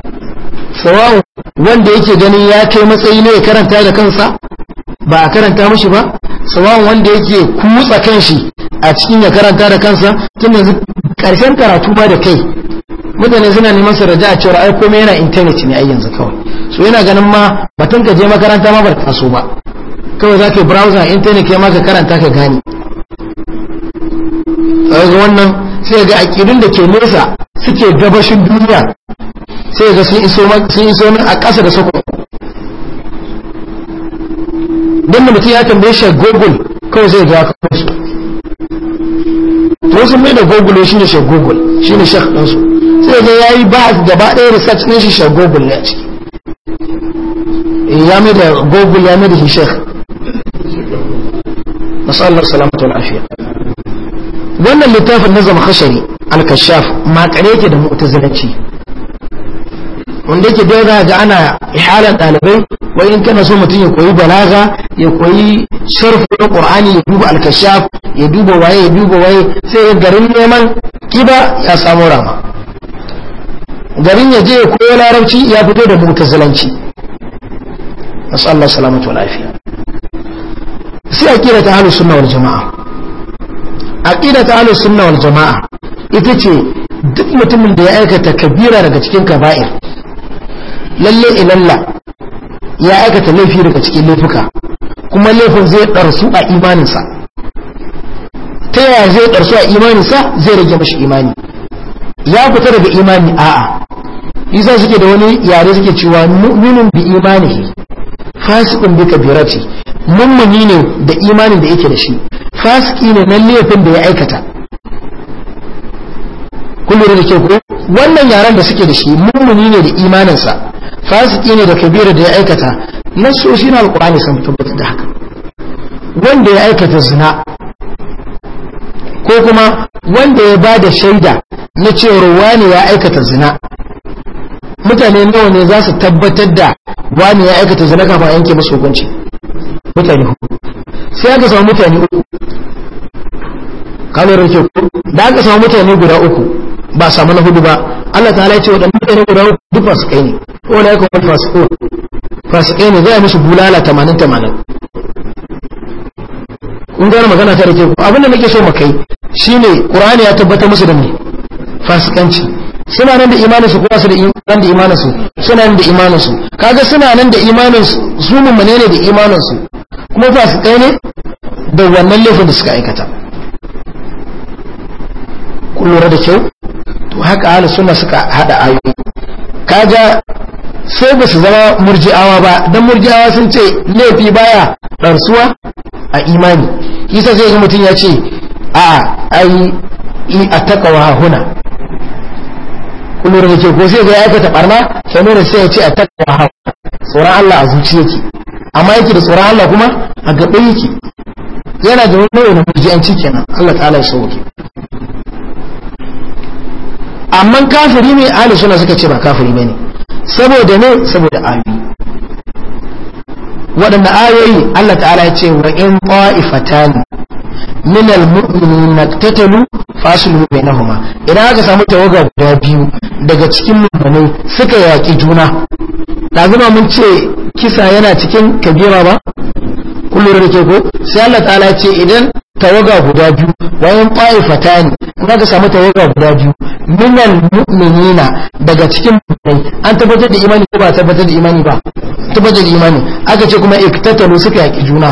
sawa'u wanda yake ganin ya kai matsayi ne ya karanta da kansa ba a karanta mashi ba sawa'un wanda yake kutsa kanshi a cikin ya karanta da kansa tun yanzu karshen karatu ba da kai mutane suna neman su raja a cewar ai komai yana internet ne ai yanzu kawai so yana ganin ma batun ka je makaranta ma bar ka ba kawai za ka yi browser internet ya ma ka karanta ka gane ga wannan sai ga aƙidun da ke nesa suke gabashin duniya sai ga sun iso min a ƙasa da sako don mutum ya tambaye shi google kawai zai ga kawai to sun mai da google shi ne shek google shi ne shek ɗansu sai ga ya yi ba gaba ɗaya research ne shi shek google ne a ciki eh, ya mai da google ya mai da shi shek masallar salamatu afiya wannan littafin na zama khashari al-kashaf ma kare yake da mu'tazilanci wanda yake da za ga ana ihalar ɗalibai wai in kana so mutum ya koyi balaga ya koyi sharfi na qur'ani ya duba alkashaf ya duba waye ya duba waye sai garin neman kiba ya samu rama garin ya je ya koyi larabci ya fito da mutazilanci nasu Allah salamatu wa lafiya sai akira ta halu sunna wal jama'a akida ta halu sunna wal jama'a ita ce duk mutumin da ya aikata kabira daga cikin kaba'ir lalle ilalla ya aikata laifi daga cikin laifuka kuma laifin zai ɗarsu a imaninsa ta yaya zai ɗarsu a imaninsa zai rage mashi imani ya fita daga imani a'a isa suke da wani yare suke cewa mu'minun bi imanihi fasikun bi kabirati mummuni ne da imanin da yake da shi fasiki ne na laifin da ya aikata kullum da ke ko wannan yaren da suke da shi mummuni ne da imaninsa fasiki ne da kabira da ya aikata nasoshi na alkur'ani sun tabbatar da haka wanda ya aikata zina ko kuma wanda ya ba da shaida na cewa wani ya aikata zina mutane nawa ne za su tabbatar da wani ya aikata zina kafin yanke musu hukunci mutane hudu sai aka samu mutane uku kalorin rake da aka samu mutane guda uku ba samu na hudu ba Allah ta'ala ya ce waɗanda mutane guda duk fasikai ne ko na yakan wani fasu fasikai ne zai mishi bulala tamanin tamanin In gara magana ta rike ku abinda nake so makai shine qur'ani ya tabbata musu da me fasikanci suna nan da imanin su kuma su da nan da imanin su suna nan da imanin su kaga suna nan da imanin su su mun ne da imanin su kuma fasikai ne da wannan laifin da suka aikata kun da kyau to haka ahlus sunna suka hada ayo kaja sai ba su zama murji'awa ba dan murji'awa sun ce laifi baya ɗarsuwa a imani isa sai ga mutum ya ce a ai a takawa huna kullum da ke ko sai ga ya aikata barna sai mun sai ya ce a sura Allah a zuciya yake amma yake da sura Allah kuma a gaban yake yana da wani wani murji'anci kenan Allah ta'ala ya sauke amma kafiri ne ahli suna suka ce ba kafiri bane saboda ne saboda ayoyi wadanda ayoyi Allah ta'ala ya ce wa in qa'ifatan min al-mu'minina tatalu fasulu bainahuma idan aka samu tawaga guda biyu daga cikin mutane suka yaki juna lazima mun ce kisa yana cikin kabira ba kullum da ke ko sai Allah ta'ala ya ce idan tawaga guda biyu wayan qa'ifatan in aka samu tawaga guda biyu minal mu'minina daga cikin mu'minai an tabbatar da imani ko ba tabbatar da imani ba tabbatar da imani aka ce kuma iktatalu suka yaki juna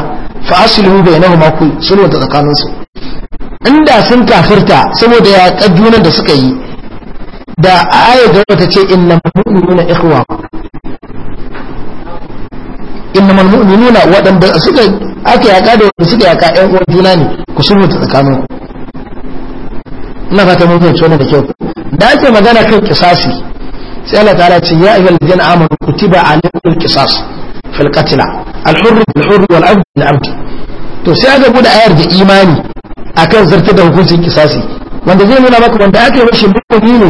fa aslihu bainahuma ku sulhu ta tsakanin su inda sun kafirta saboda yaƙar junan da suka yi da ayar da wata ce inna mu'minuna ikhwa inna mu'minuna waɗanda suka aka yaƙa da wanda suka yaka ƴan uwan juna ne ku sulhu ta tsakanin ku ina fata mun fahimci wannan da kyau da ake magana kan kisasi sai Allah ta'ala ce ya ayyuhal ladina amanu kutiba alaykumul qisas fil qatl al hurr bil hurr wal abd bil abd to sai aka bude ayar da imani akan zartar da hukuncin kisasi wanda zai nuna maka wanda aka yi rashin bukumi ne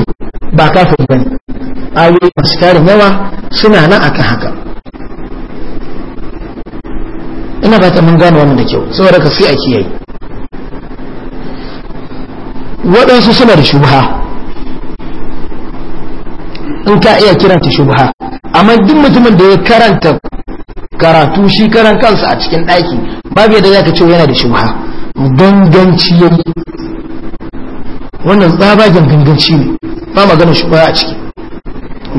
ba kafin bane ayoyi masu tarin yawa suna nan akan haka ina fata mun gane wannan da kyau saboda ka sai a kiyaye waɗansu suna da shubha in ka iya kiranta shubha amma duk mutumin da ya karanta karatu shi karan kansa a cikin ɗaki babu yadda zaka ce yana da shubha ganganci yi wannan tsabagen ganganci ne ba magana shubha a ciki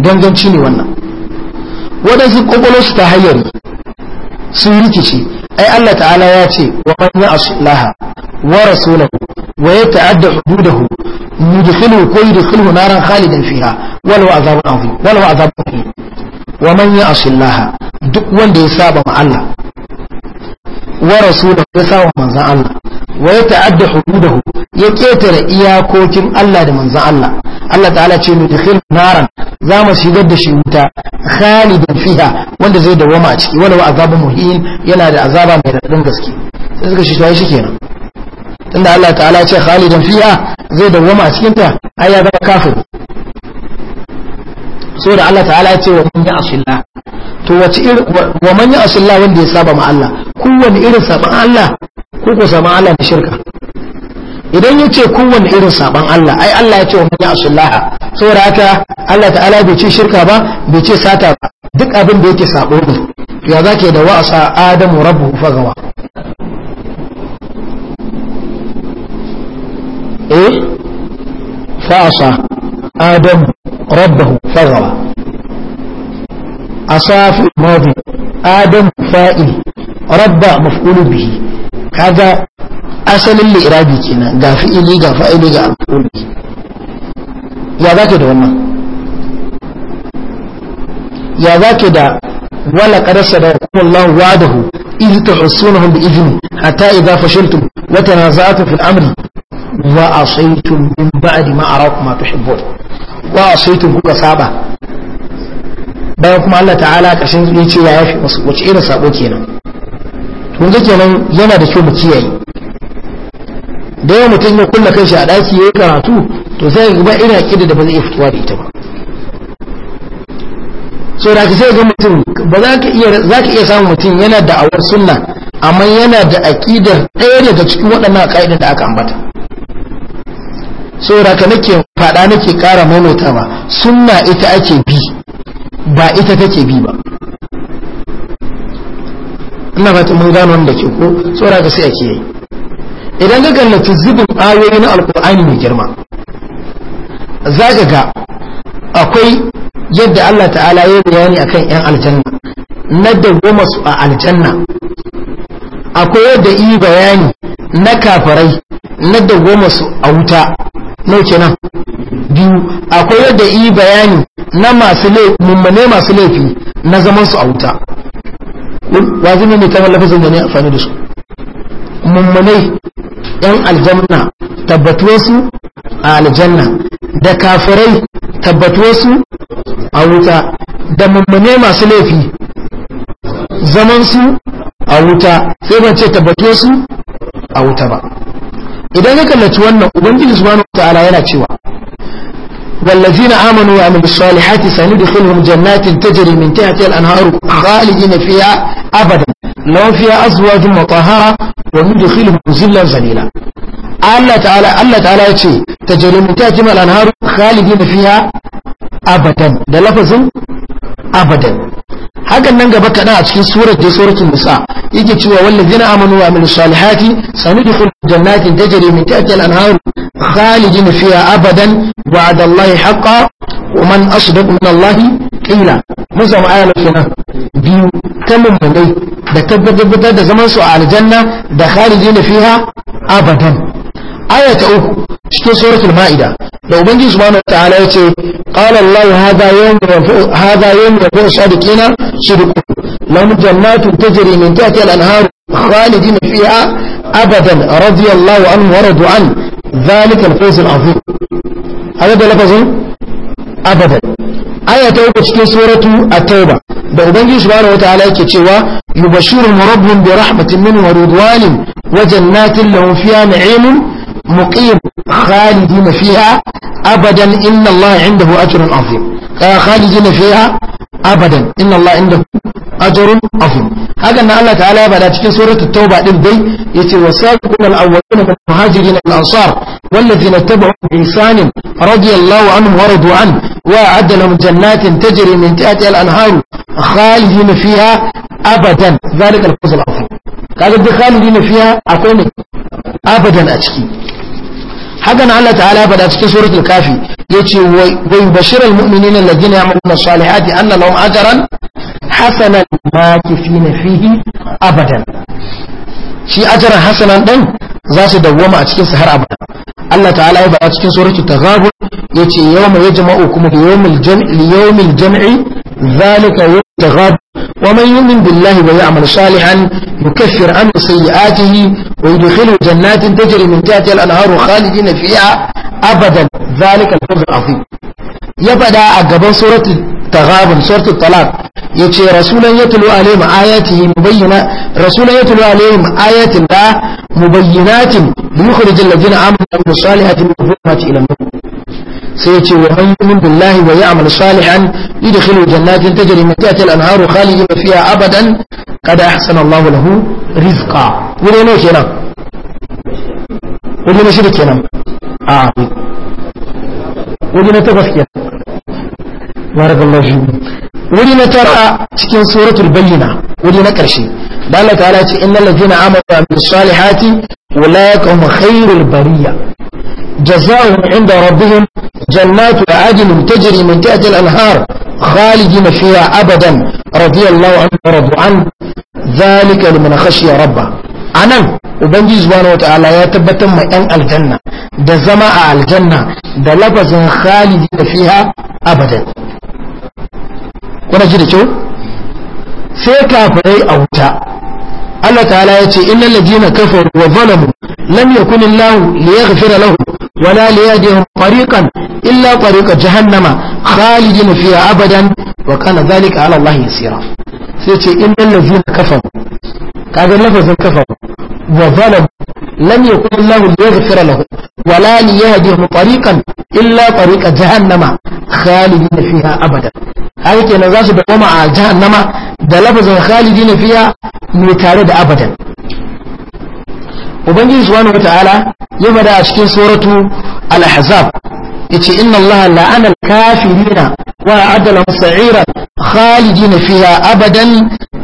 ganganci ne wannan waɗansu su ta hanyar sun rikici. ai Allah ta'ala ya ce wa man ya'sullaha wa rasulahu wa yata'adda hududahu yudkhiluhu ko yudkhiluhu naran khalidan fiha walau azabun azim walau azabun azim wa man ya ya'sullaha duk wanda ya saba ma Allah wa rasulahu ya saba manzon Allah wa ya ta'adda hududahu ya ketare iyakokin Allah da manzon Allah Allah ta'ala ce mu dakhil naran za mu shigar da shi wuta khalidan fiha wanda zai dawama a ciki wala azabun muhin yana da azaba mai radadin gaske sai suka shi shi kenan tunda Allah ta'ala ce khalidan fiha zai dawama a cikin ta ai ya zama kafiri saboda Allah ta'ala ya ce wa man ya'sillah to wace irin wa man ya'sillah wanda ya saba ma Allah kowanne irin saban Allah ku ku zama Allah da shirka idan ya ce kowane irin saban Allah ai Allah ya ce wa mani asullaha saboda haka Allah ta'ala bai ce shirka ba bai ce sata ba duk abin da yake sabo ne ya zake da wa'asa adamu rabbuhu fagawa eh fa'asa adamu rabbuhu fagawa asafi madi adamu fa'il rabba maf'ulu bihi kaga asalin li'irabi kenan ga fi'ili ga fa'ili ga alƙuli ya zake da wannan ya zake da wala qarasa da wallahu wadahu idh tuhsunahum hata idhni hatta wata na za tanaza'tum fil amri wa a asaytum min ba'di ma arakum ma tuhibbun wa a asaytum kuka saba bayan kuma Allah ta'ala karshen yace ya yafi wasu wace irin sabo kenan tun zake kenan yana da kyau mu kiyaye da yawa mutum ya kulla kanshi a ɗaki ya yi karatu to sai ga ba ina kida da ba zai fitowa da ita ba so da ka sai ga mutum ba za ka iya za ka iya samun mutum yana da awar sunna amma yana da akidar ɗaya daga cikin waɗannan ƙa'idar da aka ambata so da ka nake faɗa nake ƙara maimaita ba sunna ita ake bi ba ita take bi ba ina fatan mun gano wanda ke ko tsora ga sai ake yi. idan ka gallaci zubin ayoyi na alkur'ani mai girma za ka ga akwai yadda Allah ta'ala ya bayani akan yan aljanna na dawoma su a aljanna akwai yadda yi bayani na kafarai na dawoma su a wuta na kenan biyu akwai yadda yi bayani na masu mummune masu laifi na zaman su a wuta wajibi ne kamar lafazin da ne amfani da su mummunai yan aljanna tabbatosu a aljanna da kafirai tabbatosu a wuta da mummunai masu laifi zaman su a wuta sai ban ce tabbatosu a wuta ba idan ya kallaci wannan ubangiji subhanahu ala yana cewa والذين آمنوا وعملوا الصالحات سندخلهم جنات تجري من تحتها الأنهار خالدين فيها أبدا لو فيها أزواج مطهرة وندخلهم ظلا ظليلا الله تعالى الله تعالى يتي تجري من تحتها الأنهار خالدين فيها أبدا ده لفظ أبدا hakan nan gaba kaɗan a cikin surar da suratul nisa yake cewa wallazina amanu wa amilus salihati sanudkhul jannatin tajri min tahtiha al-anhar خالدين فيها أبدا وعد الله حقا ومن أصدق من الله قيلا musa ma'ayar kenan biyu kalin mulai da tabbatar da zaman su a aljanna da khariji fiya abadan aya ta uku cikin suratul ma'ida da ubangiji subhanahu ya ce qala allah hadha yawm hadha yawm yabu sadiqina sidqu lahum jannatun tajri min tahtiha al-anhar khalidina fiha abadan radiyallahu anhu wa radu an ذلك الفوز العظيم هذا ده لفظ ابدا aya ta uku cikin suratu at-tauba da ubangiji subhanahu wataala yake cewa yubashshiruhum rabbuhum bi rahmatin minhu wa ridwanin wa jannatin lahum fiha na'imun muqim khalidina fiha abadan inna allaha indahu ajrun azim ka khalidina abadan ajarin na Allah ta'ala ya bada cikin suratul tauba din dai yace wasaqul al-awwalin min al-muhajirin al-ansar wallazina tabu'u bi ihsan radiyallahu anhum wa radu an wa a'adda lahum jannatin tajri min tahtiha al-anhar khalidin fiha abadan zalika al-fawzul azim kaga duk khalidin fiha a ciki haka na Allah ta'ala ya bada cikin suratul kafi yace wa yubashiru al-mu'minina ya yamaluna as-salihati anna lahum ajran hasanan na fihi abadan shi ajaran hasanan ɗin za su dawwama a cikin har abada Allah ta'ala ya bada cikin suratu taghabun ya ce yajma'u kuma jama'u kuma jam'i yawmil jam'i zalika yawm taghab wa man yu'min billahi wa ya'mal salihan yukaffir an sayyi'atihi wa yudkhilu jannatin tajri min tahtiha Alharu anharu na fiya abadan zalika al-fawz ya bada a gaban suratul tagabun suratul talak yace rasulan yatlu alaihim ayatihi mu rasulan yatlu alaihim ayatin da mubayyinatin yukhrijul ladina amanu min salihati min dhulumati ila nur sai yace wa man yu'min billahi wa ya'mal salihan yudkhilu jannatin tajri min tahtiha al-anharu khalidina fiha abadan qad ahsana Allahu lahu rizqa wuri ne kenan kenan a warakallahu wuri na tara cikin suratul bayyina wuri na karshe da Allah ta ce innal ladina amanu wa amilus salihati ulaikum khairul bariya jazaa'uhum 'inda rabbihim jannatu 'adnin tajri min tahtiha al khalidi khalidina fiha abadan radiyallahu anhu radu an zalika liman khashiya rabba anan ubangiji subhanahu wata'ala ya tabbatar ma yan aljanna da zama a aljanna da lafazin khalidina fiha abadan kuna da kyau sai kafa yi a wuta Allah ta'ala ya ce inna lajina kafar wa zalamu lam yakunin lahu liya gafira lahu wala liya jiya farikan illa fariƙa jahannama khalidin fiya abadan wa kana zalika ala Allah ya sira sai ce in dan lazi na kafa kaga lafazin kafa wa zalam lam yakun Allah yaghfir lahu wa la yahdihim tariqan illa tariqa jahannama khalidina fiha abada haka kenan za su dawo a jahannama da lafazin khalidina fiha ne tare da abadan ubangiji subhanahu wataala ya fada a cikin suratu al-ahzab yace inna allaha la'ana al-kafirina wa a'adda lahum sa'iran خالدين فيها أبدا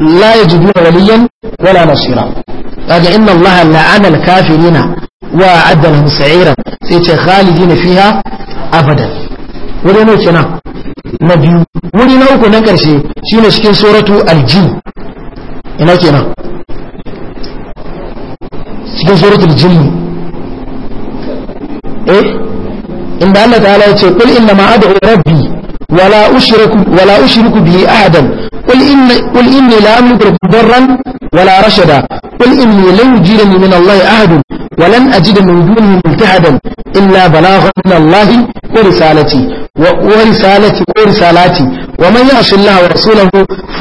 لا يجدون وليا ولا نصيرا قال إن الله لعن الكافرين وأعد لهم سعيرا سيتي خالدين فيها أبدا ولي نوتنا نبي ولي نوكو نكرشي شين شكين سورة الجن ina kenan cikin suratul jinni eh inda Allah ta'ala ya ce kul inna ma ad'u rabbi ولا أشرك, ولا أشرك به أحدا قل, إن قل إني لا أملك ضرا ولا رشدا قل إني لن يجيرني من الله أحد ولن أجد من دونه ملتحدا إلا بلاغا من الله ورسالتي ورسالتي ورسالاتي ومن يعص الله ورسوله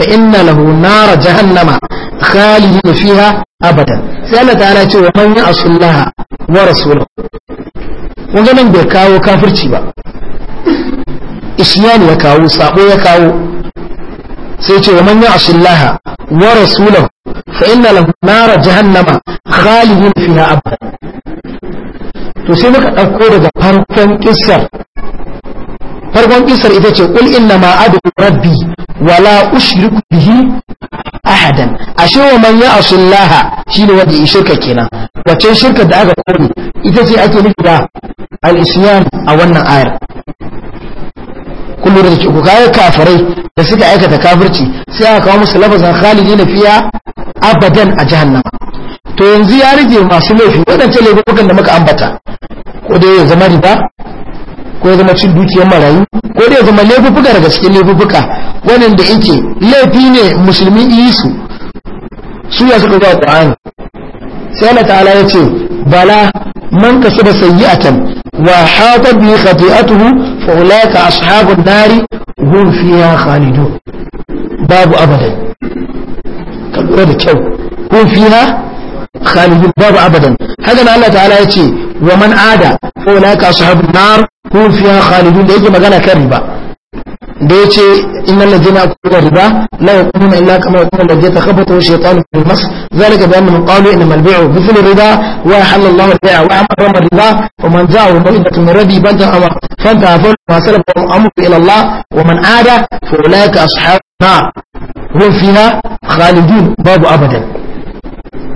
فإن له نار جهنم خالدين فيها أبدا سألة تعالى ومن يعص الله ورسوله وغنم بكاو كافر تيبا isyan ya kawo sabo ya kawo sai ce wa man ya'shillaha wa rasulahu fa inna lahu nar jahannama khalidin fiha abada. to sai muka dauko daga farkon kissar farkon kissar ita ce qul inna ma adu rabbi wala ushriku bihi ahadan ashe wa man ya'shillaha shine wanda ya shirka kenan wacce shirka da aka kore ita ce ake nufi da al-isyan a wannan ayar kullu da ke kuka kafirai da suka aikata kafirci sai aka kawo musu lafazin khalidina fiya abadan a jahannama to yanzu ya rage masu laifi waɗancan laifukan da muka ambata ko da ya zama riba ko ya zama cin dukiyar marayu ko da ya zama laifuka daga cikin laifuka da yake laifi ne musulmi isu su ya suka zuwa Qur'ani sai Allah ta'ala ya ce bala man kasaba da sayyatan وحاطت به خطيئته فأولئك أصحاب النار هم فيها خالدون باب أبدا كالورد هم فيها خالدون باب أبدا هذا ما الله تعالى يتي ومن عاد فأولئك أصحاب النار هم فيها خالدون لأجل مغانا كربا da ya ce innan lajina kuma riba la ya kuma illa kamar kuma da zai takabata wa shaitanu fil mas zalika bi annahum qalu inna al bai'u mithl riba wa halalla Allah al-bai'a wa mara harrama riba wa man za'a wa bai'atu min rabi bada amr fanta fa ma salafa amru ila Allah wa man ada fa ulaika ashabuna hum fiha khalidun babu abadan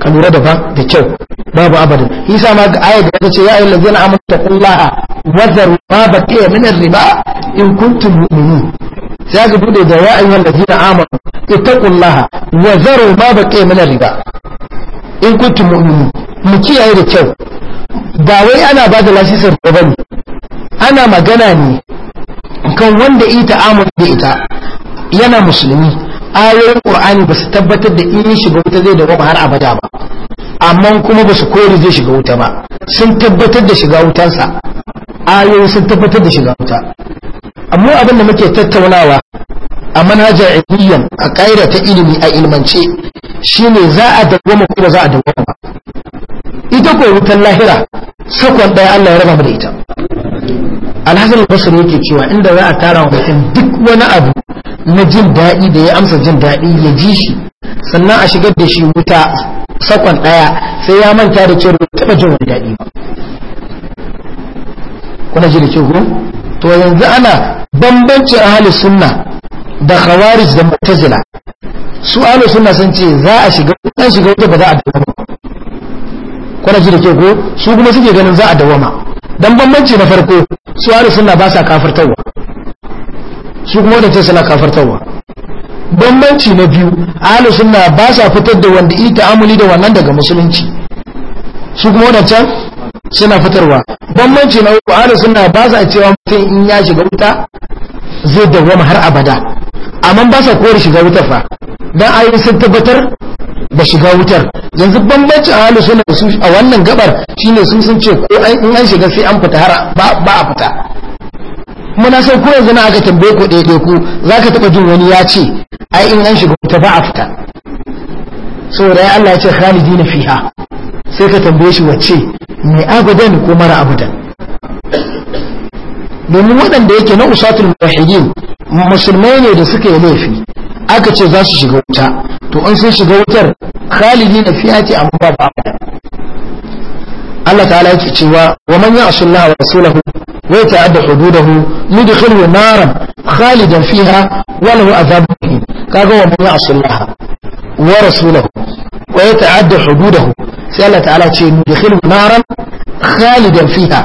ka lura da ba da kyau babu abadan isa ma ga ayat da ta ce ya ayyuhallazina amanu taqullaha wazaru ma baqiya min ar-riba in kuntum mu'minin sai ga bude da ya ayyuhal ladina amanu ittaqullaha wazaru ma baqiya min ar-riba in kuntum mu'minin mu kiyaye da kyau ba wai ana ba da lasisin ba ne ana magana ne kan wanda ita amur da ita yana musulmi ayoyin ƙur'ani ba su tabbatar da in shiga wuta zai da har abada ba amma kuma ba su kori zai shiga wuta ba sun tabbatar da shiga wutansa ayoyi sun tabbatar da shiga wuta amma abin da muke tattaunawa a manhajar ilmiya a ƙa'ida ta ilimi a ilmance shine za a dawwama ko za a dawwama ba ita ko wutar lahira sakon ɗaya Allah ya raba mu da ita alhassan al-basri yake cewa inda za a tara mutum duk wani abu na jin daɗi da ya amsa jin daɗi ya ji shi sannan a shigar da shi wuta sakon ɗaya sai ya manta da cewa taɓa jin wani daɗi ba kuna ji da ke ku to yanzu ana bambanci ahli sunna da khawarij da mu'tazila su ahli sunna sun ce za a shiga an shiga wata ba za a dawama kuna ji da ke ku su kuma suke ganin za a dawama dan bambanci na farko su ahli sunna ba sa kafirtawa su kuma wanda ce suna kafirtawa bambanci na biyu ahli sunna ba sa fitar da wanda ita amuli da wannan daga musulunci su kuma wadancan suna fitarwa bambanci na uku ahlus sunna ba sa cewa mutum in ya shiga wuta zai dawwama har abada amma ba sa kore shiga wutar fa dan yi sun tabbatar da shiga wutar yanzu bambancin ahlus sunna su a wannan gabar shine sun sun ce ko in an shiga sai an fita har ba a fita muna san ko yanzu na aka tambaye ku daidai ku zaka taba jin wani ya ce ai in an shiga wuta ba a fita saboda ya Allah ya ce khalidina fiha sai ka tambaye shi wacce mai abadan ko mara abadan domin waɗanda yake na usatul muwahidin musulmai ne da suka yi laifi aka ce za su shiga wuta to an sun shiga wutar khalidi na fiya ce amma ba ba Allah ta'ala yake cewa wa man ya'su Allah wa rasulahu wa yata'adda hududahu yudkhilhu naran khalidan fiha wa lahu adhabun kaga wa man ya'su Allah wa rasulahu wa yata'adda hududahu sai Allah ta'ala ce mudkhil naran khalidan fiha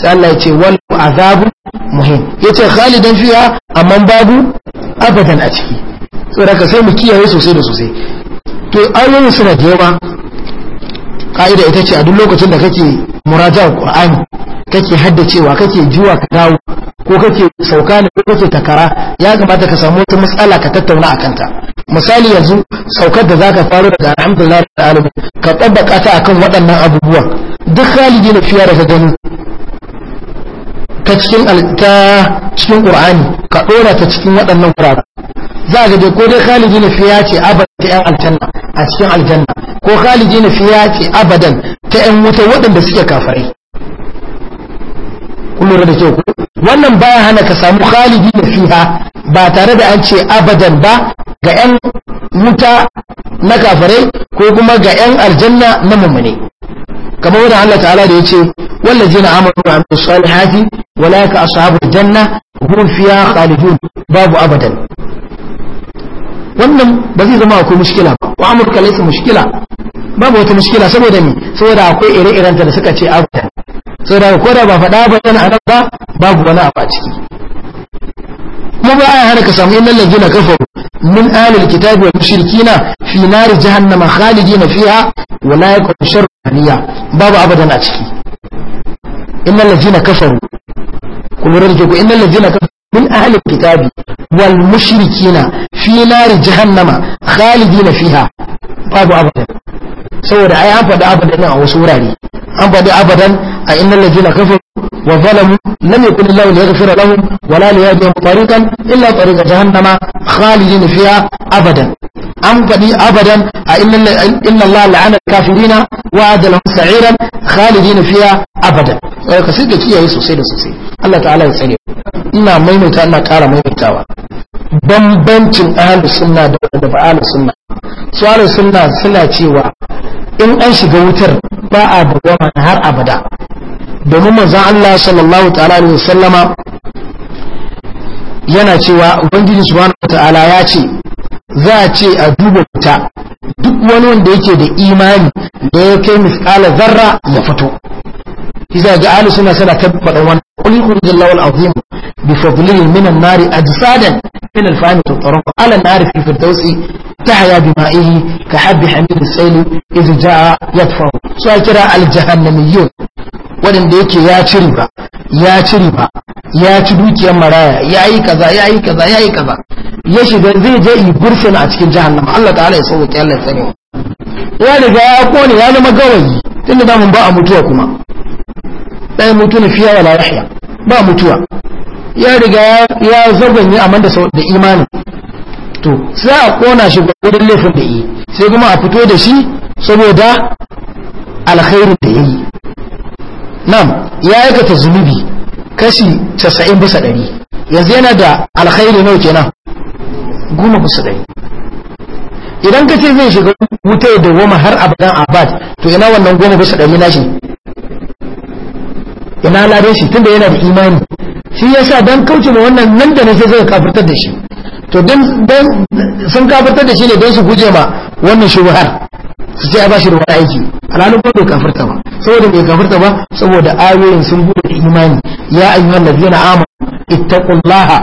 sai Allah ya ce wal azabu muhim yace khalidan fiha amma babu abadan a ciki saboda sai mu kiyaye sosai da sosai to ayoyin suna da yawa ka'ida ita ce a duk lokacin da kake muraja qur'ani kake haddacewa kake jiwa ka dawo ko kake sauka ne ko kake takara ya kamata ka samu wata matsala ka tattauna a kanta misali yanzu saukar da zaka faru daga alhamdulillah da alamu ka tabbaka ta akan waɗannan abubuwa duk khalidi na fiya da gani ta cikin ta cikin qur'ani ka dora ta cikin waɗannan qur'ani za ga dai ko dai khalidi na fiya ce abada yan aljanna a cikin aljanna ko khalidi na fiya ce abadan ta yan wuta waɗanda suke kafirai kullu da ke wannan baya hana ka samu khalidi da fiha ba tare da an ce abadan ba ga 'yan wuta na kafirai ko kuma ga 'yan aljanna na mummune kamar wadda Allah ta'ala da ya ce wallazina amanu wa amilus salihati walaika ashabul janna hum fiha khalidun babu abadan wannan ba zai zama akwai mushkila ba wa amurka laysa mushkila babu wata mushkila saboda me saboda akwai ire-irenta da suka ce abadan saboda ko da ba faɗa ba yana anan ba babu wani abu a ciki kuma ba ya hana ka samu innal na kafaru min alil kitabi wal mushrikina fi nar jahannama na fiya wa la yaqum sharriya babu abadan a ciki In innal ladina kafaru kullu rajul ku in innal ladina kafaru من kitabi الكتاب mushrikina في نار جهنم خالدين فيها babu abadan saboda ai an faɗi abada nan a wasu wurare an faɗi abadan a innal ladina kafin wa zalamu lam yakun Allah liyaghfira lahum wa la liyahdihim tariqan illa tariqa jahannama khalidin fiha abadan an faɗi abadan a inna Allah la'ana kafirina wa adala sa'iran khalidin fiha abadan ka sai da kiyaye sosai da sosai Allah ta'ala ya tsare ina maimaita ina ƙara maimaitawa bambancin ahlus sunna da da ahlus sunna su ahlus sunna suna cewa in an shiga wutar ba a dawama har abada domin manzan Allah sallallahu ta'ala alaihi wasallama yana cewa ubangiji subhanahu ta'ala ya ce za a ce a duba wuta duk wani wanda yake da imani da ya kai misqala zarra ya fito iza ga ahli sunna sana ta faɗa wannan qul yukhrijullahu al-azim bi fadlihi min nari ajsadan min al-fahmi tutarqa ala nari fi firdausi تحيا بمائه كحب حميد السيل إذ جاء يدفع سوى كرا الجهنميون wadin da yake ya ci ya ci ya ci dukiyar maraya ya yi kaza ya yi kaza ya yi kaza ya shiga zai je yi a cikin jahannama Allah ta'ala ya sauke Allah ya sani ya riga ya kone ya zama gawayi tun da damun ba a mutuwa kuma ɗaya mutu fiya wala yahya ba mutuwa ya riga ya zaganye a manda da imanin to sai a kona shi gudun laifin da yi sai kuma a fito da shi saboda alkhairin da ya yi nam ya aikata zunubi kashi 90 bisa 100 yanzu yana da alkhairi nawa kenan goma bisa 100 idan ka ce zai shiga wuta da goma har abadan abad to ina wannan goma bisa 100 na shi ina lare shi tunda yana da imani shi yasa dan kauce ma wannan nan da na sai zai kafirtar da shi to don sun kafirtar da shi ne don su guje ma wannan shubhar su ce a ba shi da wani aiki alhalin ba bai kafirta ba saboda bai kafirta ba saboda ayoyin sun bude da imani ya ayyuhan ladina amanu ittaqullaha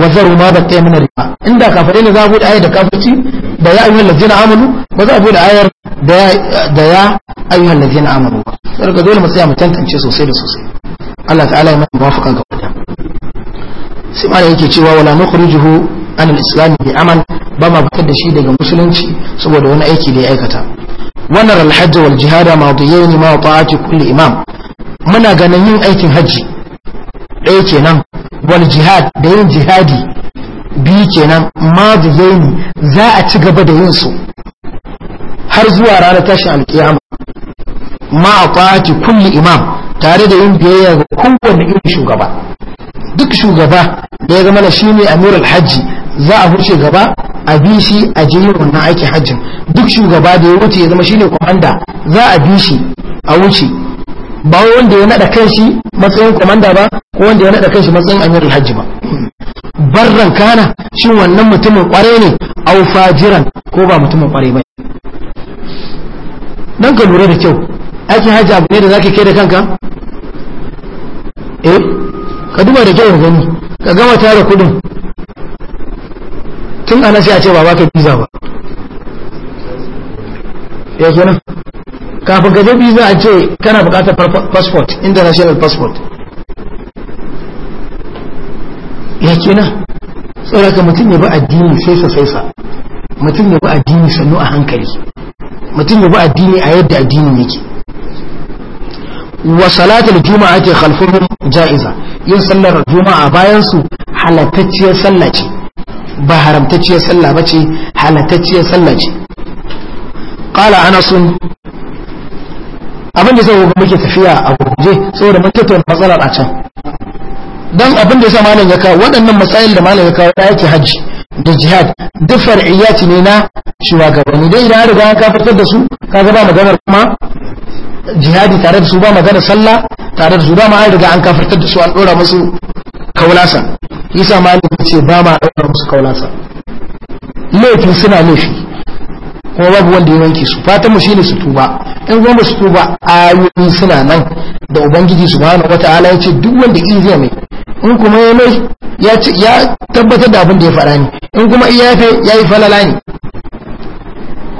wa zaru ma baqiya min riba inda kafirai ne za a bude ayar da kafirci da ya ayyuhan ladina amanu ba za a bude ayar da ya ayyuhan ladina amanu ba sai dole mu tsaya mu tantance sosai da sosai Allah ta'ala ya mana muwafaqa sai malam yake cewa wala nukhrijuhu an al-islam bi amal ba ma fitar da shi daga musulunci saboda wani aiki da ya aikata wannan al-hajj wal jihad ma dayyin ma ta'ati kulli imam muna ganin yin aikin haji ɗaya kenan wal jihad da yin jihadi biyu kenan ma dayyin za a ci gaba da yin su har zuwa ranar tashin alkiyama ma'a fa'ati kulli imam tare da yin biyayya ga kowanne irin shugaba duk shugaba da ya zama da shi ne amiral hajji za a huce gaba a bi shi a jirin wannan aikin hajjin duk shugaba da ya wuce ya zama shi ne kwamanda za a bi shi a wuce ba wanda ya naɗa kan shi matsayin kwamanda ba ko wanda ya naɗa kan shi matsayin amiral hajji ba barran kana shin wannan mutumin kware ne au fajiran ko ba mutumin kware ba dan ka lura da kyau aikin hajji abu ne da za ka ke da kanka eh ka duba da kyau gani ka gama tara kudin tun ana sai a ce ba ba ka biza ba ya nan kafin ka je biza a ce kana bukatar passport international passport ya ke kenan ka mutum ya bi addini saisa saisa mutum ya bi addini sannu a hankali mutum ya bi addini a yadda addini yake wa salatul juma'a ke khalfuhum ja'iza yin sallar juma'a bayan su halatacciyar sallah ce ba haramtacciyar sallah ba ce halatacciyar sallah ce qala anas abin da zai ga muke tafiya a gurguje saboda mun tattauna matsalar a can dan abin da yasa malam ya kawo waɗannan masail da malam ya kawo da yake haji da jihad duk far'iyyaci ne na shugabanni dai idan riga an kafartar da su kaga ba maganar kuma jihadi tare da su ba magana sallah tare da su ma an riga an kafartar da su an dora musu kaulasa yasa malik ce ba ma dora musu kaulasa laifin suna laifi kuma babu wanda ya wanke su fatan mu shine su tuba in goma su tuba ayoyi suna nan da ubangiji subhanahu wataala ya ce duk wanda iziya mai in kuma ya mai ya tabbatar da abin da ya faɗa ne in kuma iya yafe ya yi falala ne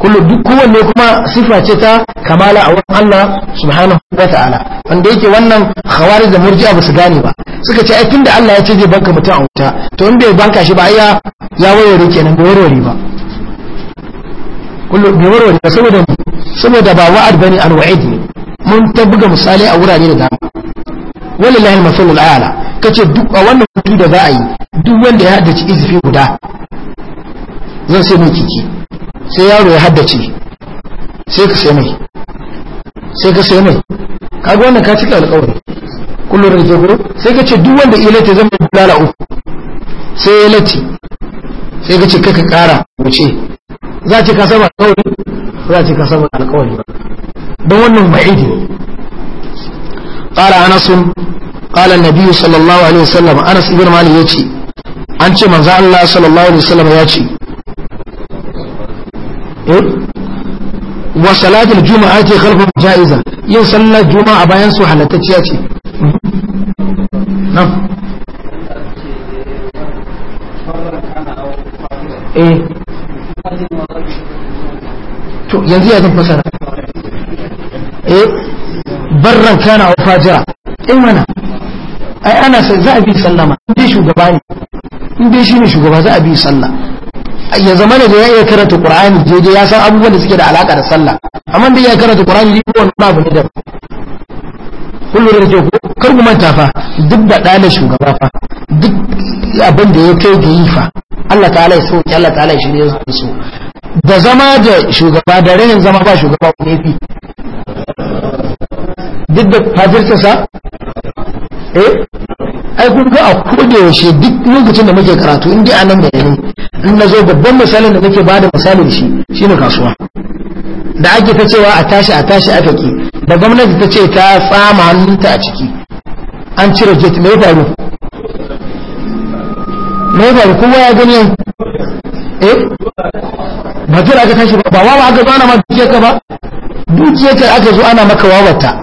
kullum duk kowanne kuma sifa ce ta kamala a wurin Allah subhanahu wa ta'ala wanda yake wannan khawarij da murji'a ba su gane ba suka ce ai tunda Allah ya ce zai banka mutum a wuta to in bai banka shi ba ai ya ya warware kenan bai warware ba kullum bai warware ba saboda saboda ba wa'ad bane al-wa'id ne mun ta buga misali a wurare da dama walillahi masalul ayala kace duk a wannan kudi da za a yi duk wanda ya haddace izifi guda zan sai mai kiki sai yaro ya haddace sai ka sai mai sai ka sai mai kaga wannan ka cika alƙawari kullum da guru sai ka ce duk wanda lati zama bulala uku sai ya lati sai ka ce kaka ƙara wuce za ce ka saba alƙawari za ce ka saba alƙawari ba don wannan ba'idi qala anas qala an-nabi sallallahu alaihi wasallam anas ibn malik yace an ce manzo Allah sallallahu alaihi wasallam ya ce wa salatul juma'a ce khalfa ja'iza yin sallar juma'a bayan su halattacciya ce nan eh yanzu ya barran kana wa fajira in mana ai ana za a bi sallama in dai shugaba ne in dai ne shugaba za a bi sallah ya zama da ya iya karanta qur'ani daidai ya san abubuwan da suke da alaka da sallah amma da ya karanta qur'ani ne ko wani abu ne da kullu da ke kar ku manta fa duk da dalilin shugaba fa duk abin da ya kai da yi fa Allah ta'ala ya so Allah ta'ala ya shirye su da zama da shugaba da rayin zama ba shugaba ne fi duk da sa, eh ai kun ga a koda yaushe duk lokacin da muke karatu inda dai a nan bayani in na zo babban misalin da nake bada misalin shi shine kasuwa da ake ta cewa a tashi a tashi aka ki da gwamnati ta ce ta tsama hannunta a ciki an cire gate mai faru mai faru kowa ya gani eh ba jira aka tashi ba ba wawa aka zo ana ma ka ba ka aka zo ana maka wawata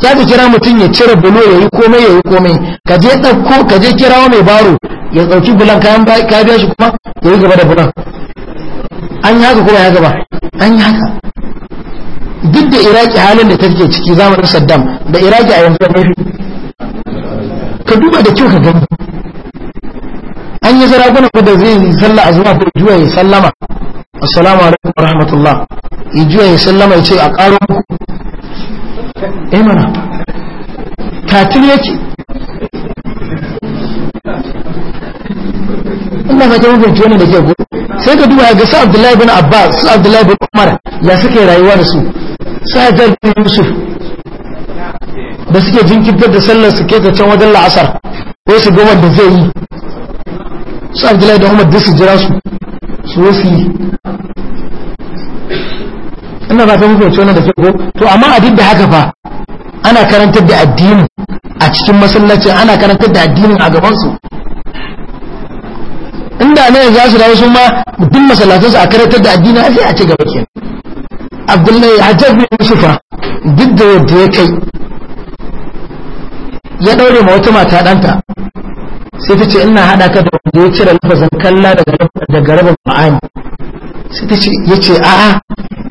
sai ka kira mutum ya cire bulo ya yi komai ya yi komai ka je ɗauko ka je kirawo mai baro ya ɗauki bulan kayan ka biya shi kuma ya yi gaba da bulan an yi haka kuma ya gaba an yi haka duk da iraki halin da take ciki zamanin saddam da iraki a yanzu mai ka duba da kyau ka gani an yi sarakuna da zai yi sallah a zuwa ko juwa ya sallama assalamu alaikum wa rahmatullah ya juwa ya sallama ya ce a ƙaro eh mana yake ina ba ta mabanci wannan da ke gudu sai ka duba ga su abdullahi bin abbas su abdullahi bin umar ya suke rayuwa da su su hajar bin yusuf da suke jinkirtar da sallar su keta can wajen la'asar ko su goma da zai yi su abdullahi da umar duk su jira su su wasu yi ina ba ta hukunci wannan da ke ko to amma a duk haka fa ana karantar da addini a cikin masallacin ana karantar da addinin a gabansu inda ne za su dawo sun ma duk su a karantar da addini a ci gaba ke abdullahi hajjar bin yusufa duk da yadda ya kai ya daure ma wata mata danta sai ta ce ina haɗa ka da wanda ya cire lafazin kalla daga rabin ma'ani sai ta ce ya ce a'a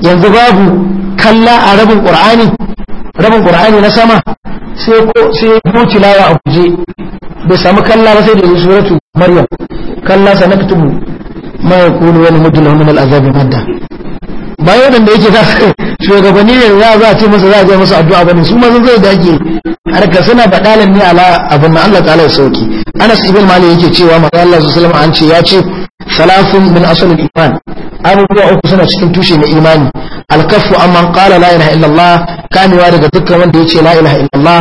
yanzu babu kalla a rabin ƙur'ani rabin ƙur'ani na sama sai ko sai laya a kuje bai samu kalla ba sai da zuwa suratu maryam kalla sanaktubu ma yakunu wal mudla min al azab madda bayan da yake za shugabanni ne za za ce masa za a je masa addu'a bane su ma zai dage harka suna badalan ne ala abin Allah ta'ala ya sauki Anas ibn Malik yake cewa manzo Allah sallallahu alaihi wasallam an ce ya ce salasun min asalin iman abubuwa uku suna cikin tushe na imani alkafu amman qala la ilaha illallah kamewa daga dukkan wanda yace la ilaha illallah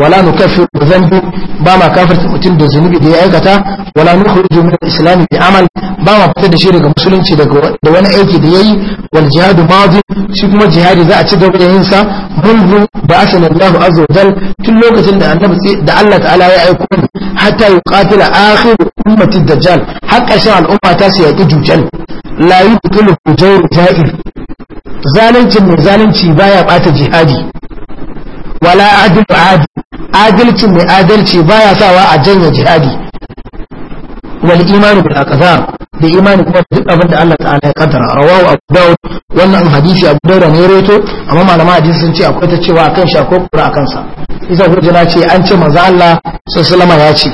wala nukaffiru bi dhanbi ba ma kafirta mutum da zunubi da ya aikata wala nukhruju min al-islam bi amal ba ma da shi daga musulunci da wani aiki da yayi wal jihadu madi shi kuma jihadi za a ci gaba da yin sa munzu ba asana Allah azza wa tun lokacin da annabi da Allah ta'ala ya aiko hatta yuqatila akhir ummati dajjal har ƙarshen al'umma ta su yaki dujjal la yi bukulu hujjar zalincin mai zalunci baya bata jihadi wala adil adi adalcin mai adalci baya sawa a janye jihadi wal imanu bil aqza da imani kuma duk abin da Allah ta'ala ya kaddara rawahu abu daud wannan hadisi abu daud ne reto amma malama hadisi sun ce akwai ta cewa akan shi akwai kura akan sa isa hujja ce an ce manzo Allah sallallahu alaihi wasallam ya ce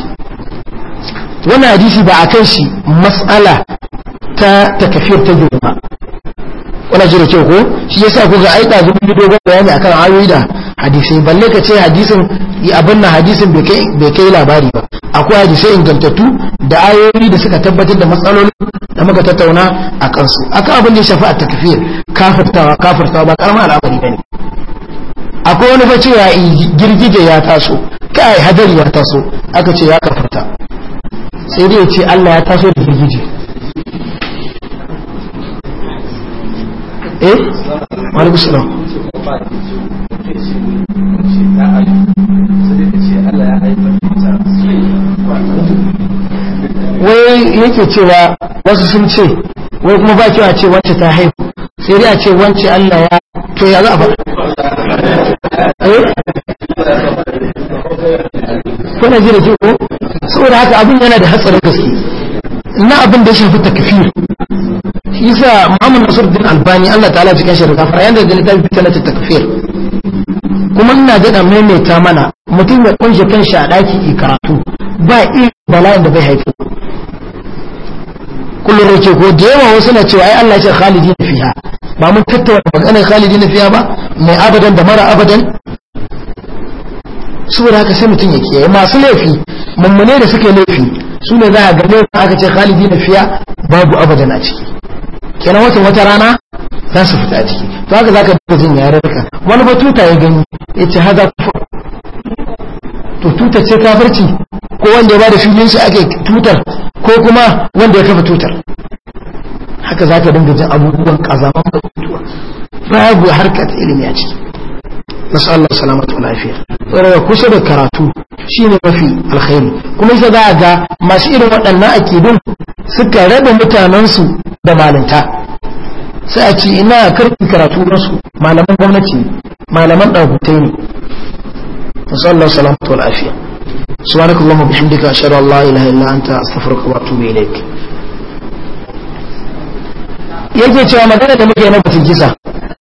wani hadisi ba a kan shi matsala ta takafiyar ta girma wani jira kyau ko shi ya sa kuka aika zubin yi dogon bayani akan ayoyi da hadisai balle ka ce hadisin abin na hadisin bai kai labari ba akwai hadisai ingantattu da ayoyi da suka tabbatar da matsalolin da muka tattauna a kansu akan abin da ya shafi a takafiyar kafirtawa kafirtawa ba karamar al'amari ba ne akwai wani fa cewa girgije ya taso kai hadari ya taso aka ce ya kafirta sai dai ce Allah ya taso da firgiji eh wani gusulan wai yake cewa wasu sun ce wai kuma ba kiwa ce wacce ta haihu sai dai a ce wance Allah ya to ya za a faɗa eh? kuna ji da ji saboda haka abin yana da hatsarin gaske na abin da ya shafi takfir isa muhammad nasiruddin albani allah ta'ala cikin shirin kafara yanda da littafi ta takfir kuma ina daɗa maimaita mana mutum ya kunshe kanshi a daki i karatu ba irin bala'in da bai haifu kullum rake ko da yawa wasu na cewa ai allah ya ce khalidi fiha ba mun tattauna maganar khalidi fiya ba mai abadan da mara abadan saboda haka sai mutum ya kiyaye masu laifi mummune da suke laifi su ne za a gane aka ce khalidi na fiya babu abadan a ciki kenan wata wata rana za su fita a ciki to haka za ka duka jin yararka wani ba tuta ya gani ya ce haza kufa to tutar ce kafirci ko wanda ya ba da filin shi ake tutar ko kuma wanda ya kafa tutar haka za ka dinga jin abubuwan kazaman batutuwa babu harkar ilimi a ciki nasu Allah salamatu lafiya tsarewa kusa da karatu shi ne mafi alkhairi kuma isa za a ga masu irin waɗannan akidun suka rabe mutanensu da malinta sai a ce ina karfin karatu su malaman gwamnati ne malaman ɗagutai ne musallar salamatu al'afiya subhanaka allahumma bihamdika ashhadu an la ilaha illa anta astaghfiruka wa atubu ilaik yake cewa magana da muke na batun kisa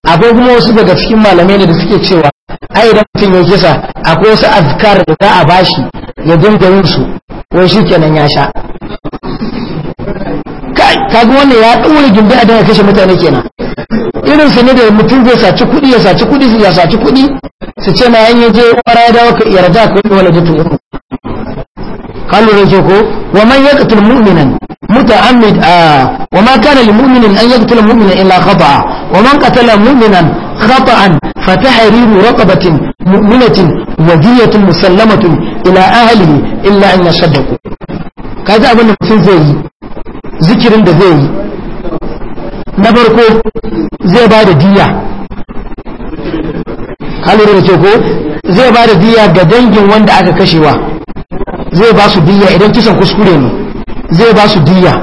akwai kuma wasu daga cikin malamai ne da suke cewa ai idan mutum ya kisa akwai wasu azkar da za a bashi ya dinga yin su wai shi kenan ya sha kaga wannan ya ɗaure gindi a dinga kashe mutane kenan irin su ne da mutum zai saci kuɗi ya saci kuɗi ya saci kuɗi su ce ma yanyi je wara ya dawo ka yarda ka yi wala jitu yau kallu da ko wa man yaqtul mu'minan muta'ammid ah, wa ma kana lil mu'minin an yaqtula mu'minan illa khata'a wa man qatala mu'minan خطأ فتحرير رقبة مؤمنة ودية مسلمة إلى أهله إلا أن يصدقوا كذا أبنى مثل زي ذكر زي نبركو زي بعد دية kalori da ce ko zai ba da diya ga dangin wanda aka kashewa zai ba su diya idan kisan kuskure ne zai ba su diya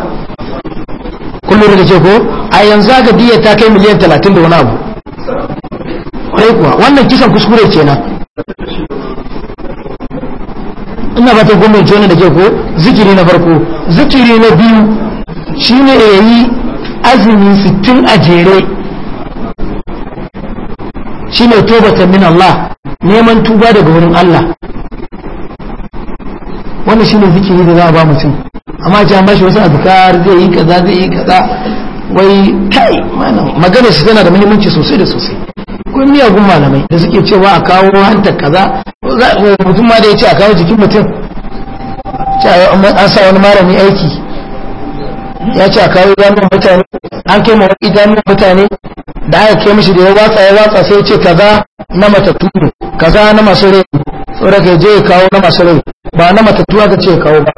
kullum da ce ko a yanzu haka diya ta kai miliyan talatin da wani abu kwarai wannan kisan kuskure ce na. ina ba ta gwamnati jona da ke ko zikiri na farko zikiri na biyu shi ne ya yi azumi sittin a jere ne tobatan min Allah neman tuba daga wurin Allah wannan shi ne zikiri da za a ba mutum amma ja wasu azkar zai yi kaza zai yi kaza wai kai magana su tana da muhimmanci sosai da sosai miya gun malamai da suke cewa a kawo hanta kaza mutum ma da ya ce a kawo jikin mutum an sa wani malami aiki ya ce a kawo idanun mutane an kai mawa idanun mutane da aka kai mishi da ya watsa ya watsa sai ce kaza na matattu kaza na masu rai tsoron ka je ya kawo na masu rai ba na matattu aka ce ya kawo ba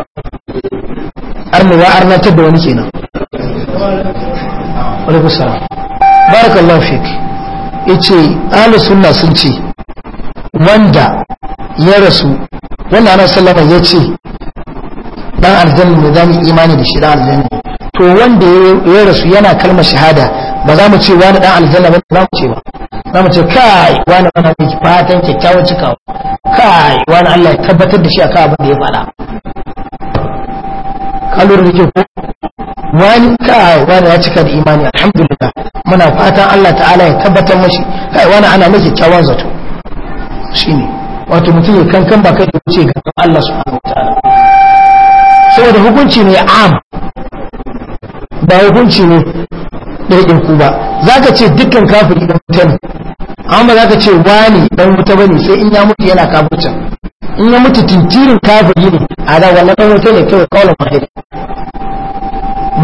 armewa arnatar da wani kenan alaikum salam barakallahu fik yace ahlus sunna sun ce wanda ya rasu wanda ana sallama ya ce dan aljanna ne za zamu imani da shi dan aljanna to wanda ya rasu yana kalmar shahada ba za mu ce wani dan aljanna ba za mu ce ba za mu ce kai wani wani miki fatan kyakkyawan cikawa kai wani Allah ya tabbatar da shi a akan abin da ya faɗa kalur da ke ko wani kai wani ya cika da imani alhamdulillah muna fatan Allah ta'ala ya tabbatar mashi kai wani ana mai kyakkyawan zato shine wato mutum ya kankan ba kai ce ga Allah subhanahu wataala saboda hukunci ne am ba hukunci ne ɗaiɗin ku ba za ka ce dukkan kafiri ɗan wuta ne amma zaka za ka ce wani dan wuta ba ne sai in ya mutu yana kafircin in ya mutu tintirin kafiri ne a da wannan ɗan wuta ne kai kawai mahaifi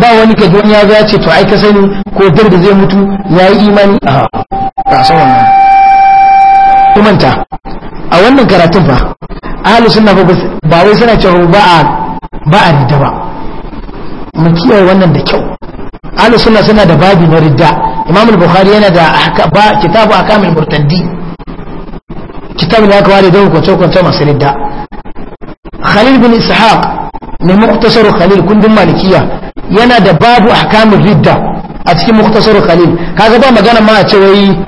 ba wani ka don ya za ce to ai ka sani ko dar da zai mutu ya yi imani a ba san wannan kumanta a wannan karatun fa ahalu sunna ba ba wai suna cewa ba a ba a ridda ba mu kiyaye wannan da kyau ahalu sunna suna da babin na ridda imam al-bukhari yana da ba kitabu akamul murtaddi kitabin da aka ware don kwance-kwance masu ridda khalil bin ishaq ne muktasar khalil kundin malikiya yana da babu ahkamin ridda a cikin muktasar khalil kaga ba magana ma a ce wai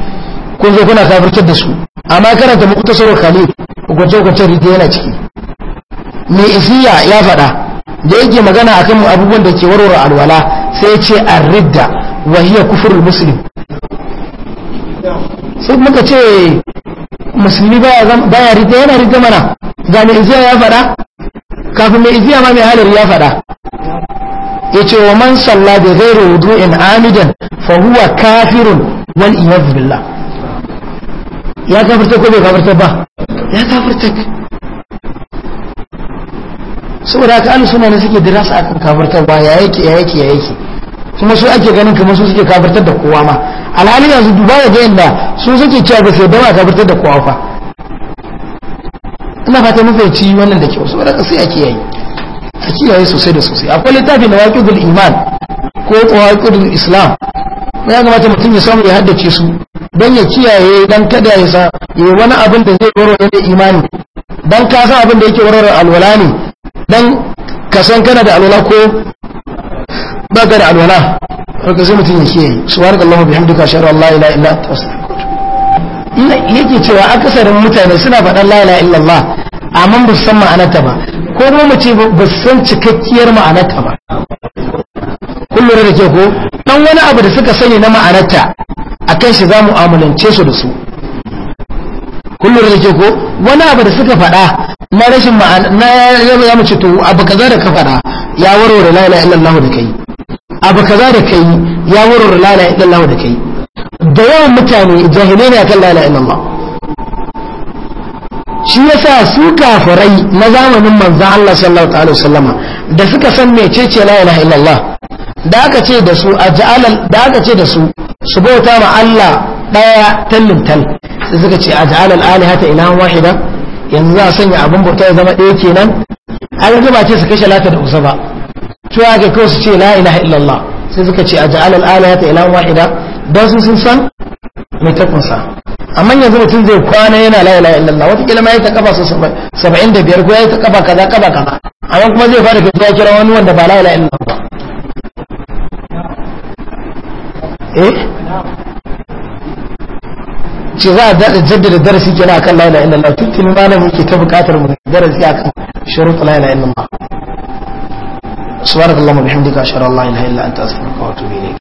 kun zo kuna kafirtar da su amma karanta muktasar khalil gwaje gwaje ridda yana ciki me isiya ya faɗa da yake magana akan abubuwan da ke warware alwala sai ya ce ar-ridda wa hiya kufrul muslim sai muka ce musulmi baya ridda yana ridda mana ga mai iziya ya faɗa kafin mai iziya ma mai halar ya faɗa yace wa man salla bi ghairi wudu'in amidan fa huwa kafirun wal iyad billah ya kafirta ko bai kafirta ba ya kafirta saboda haka an suna ne suke dirasa akan kafirta ba ya yake ya yake ya yake kuma su ake ganin kamar su suke kafirta da kowa ma alhali yanzu duba ya ga yanda su suke cewa ba sai dama kafirta da kowa fa ina fata mafarci wannan da kyau saboda sai ake yayi su kiyaye sosai da sosai akwai littafin da waƙidul iman ko waƙidul islam ya kamata mutum ya samu ya haddace su don ya kiyaye don kada ya sa yi wani abin da zai warware da imani don ka san abin da yake warware alwala ne don ka san kana da alwala ko ba ka da alwala ka sai mutum ya kiyaye subhanakallahu bihamdika ashhadu an la ilaha illa anta Ina yake cewa akasarin mutane suna faɗan la ilaha illallah amma ba su san ma'anarta ba ko ba mu ce ba san cikakkiyar ma'anarta ba kullu da ke ko dan wani abu da suka sani na ma'anarta akan shi za mu su da su kullu da ke ko wani abu da suka faɗa na rashin ma'ana na ya mu ce to abu kaza da ka faɗa ya warware la ilaha illallah da kai abu kaza da kai ya warware la ilaha illallah da kai da yawan mutane jahilai ne akan la ilaha illallah shi yasa su kafirai na zamanin manzan Allah sallallahu alaihi wasallama da suka san mecece la ilaha illallah da aka ce da su aj'al da aka ce da su su bauta ma Allah daya tallin tal sai suka ce aj'al al alihata ilahan wahida yanzu za a sanya abin bauta ya zama ɗaya kenan a yanzu ba ce su kashe lata da usa ba to aka kawai su ce la ilaha illallah sai suka ce aj'al al alihata ilahan wahida dan sun san mai ta kunsa amma yanzu mutum zai kwana yana la ilaha illallah wata kila ma yayi ta kafa so 75 ko yayi ta kafa kaza kafa kaza amma kuma zai fara fitowa kira wani wanda ba la ilaha illallah ba eh ce za a jaddada darasi kina akan la ilaha illallah tuttuni na ke ta buƙatar mu darasi akan shurut la ilaha illallah subhanakallahumma bihamdika ashhadu an la ilaha illa anta astaghfiruka wa atubu ilayk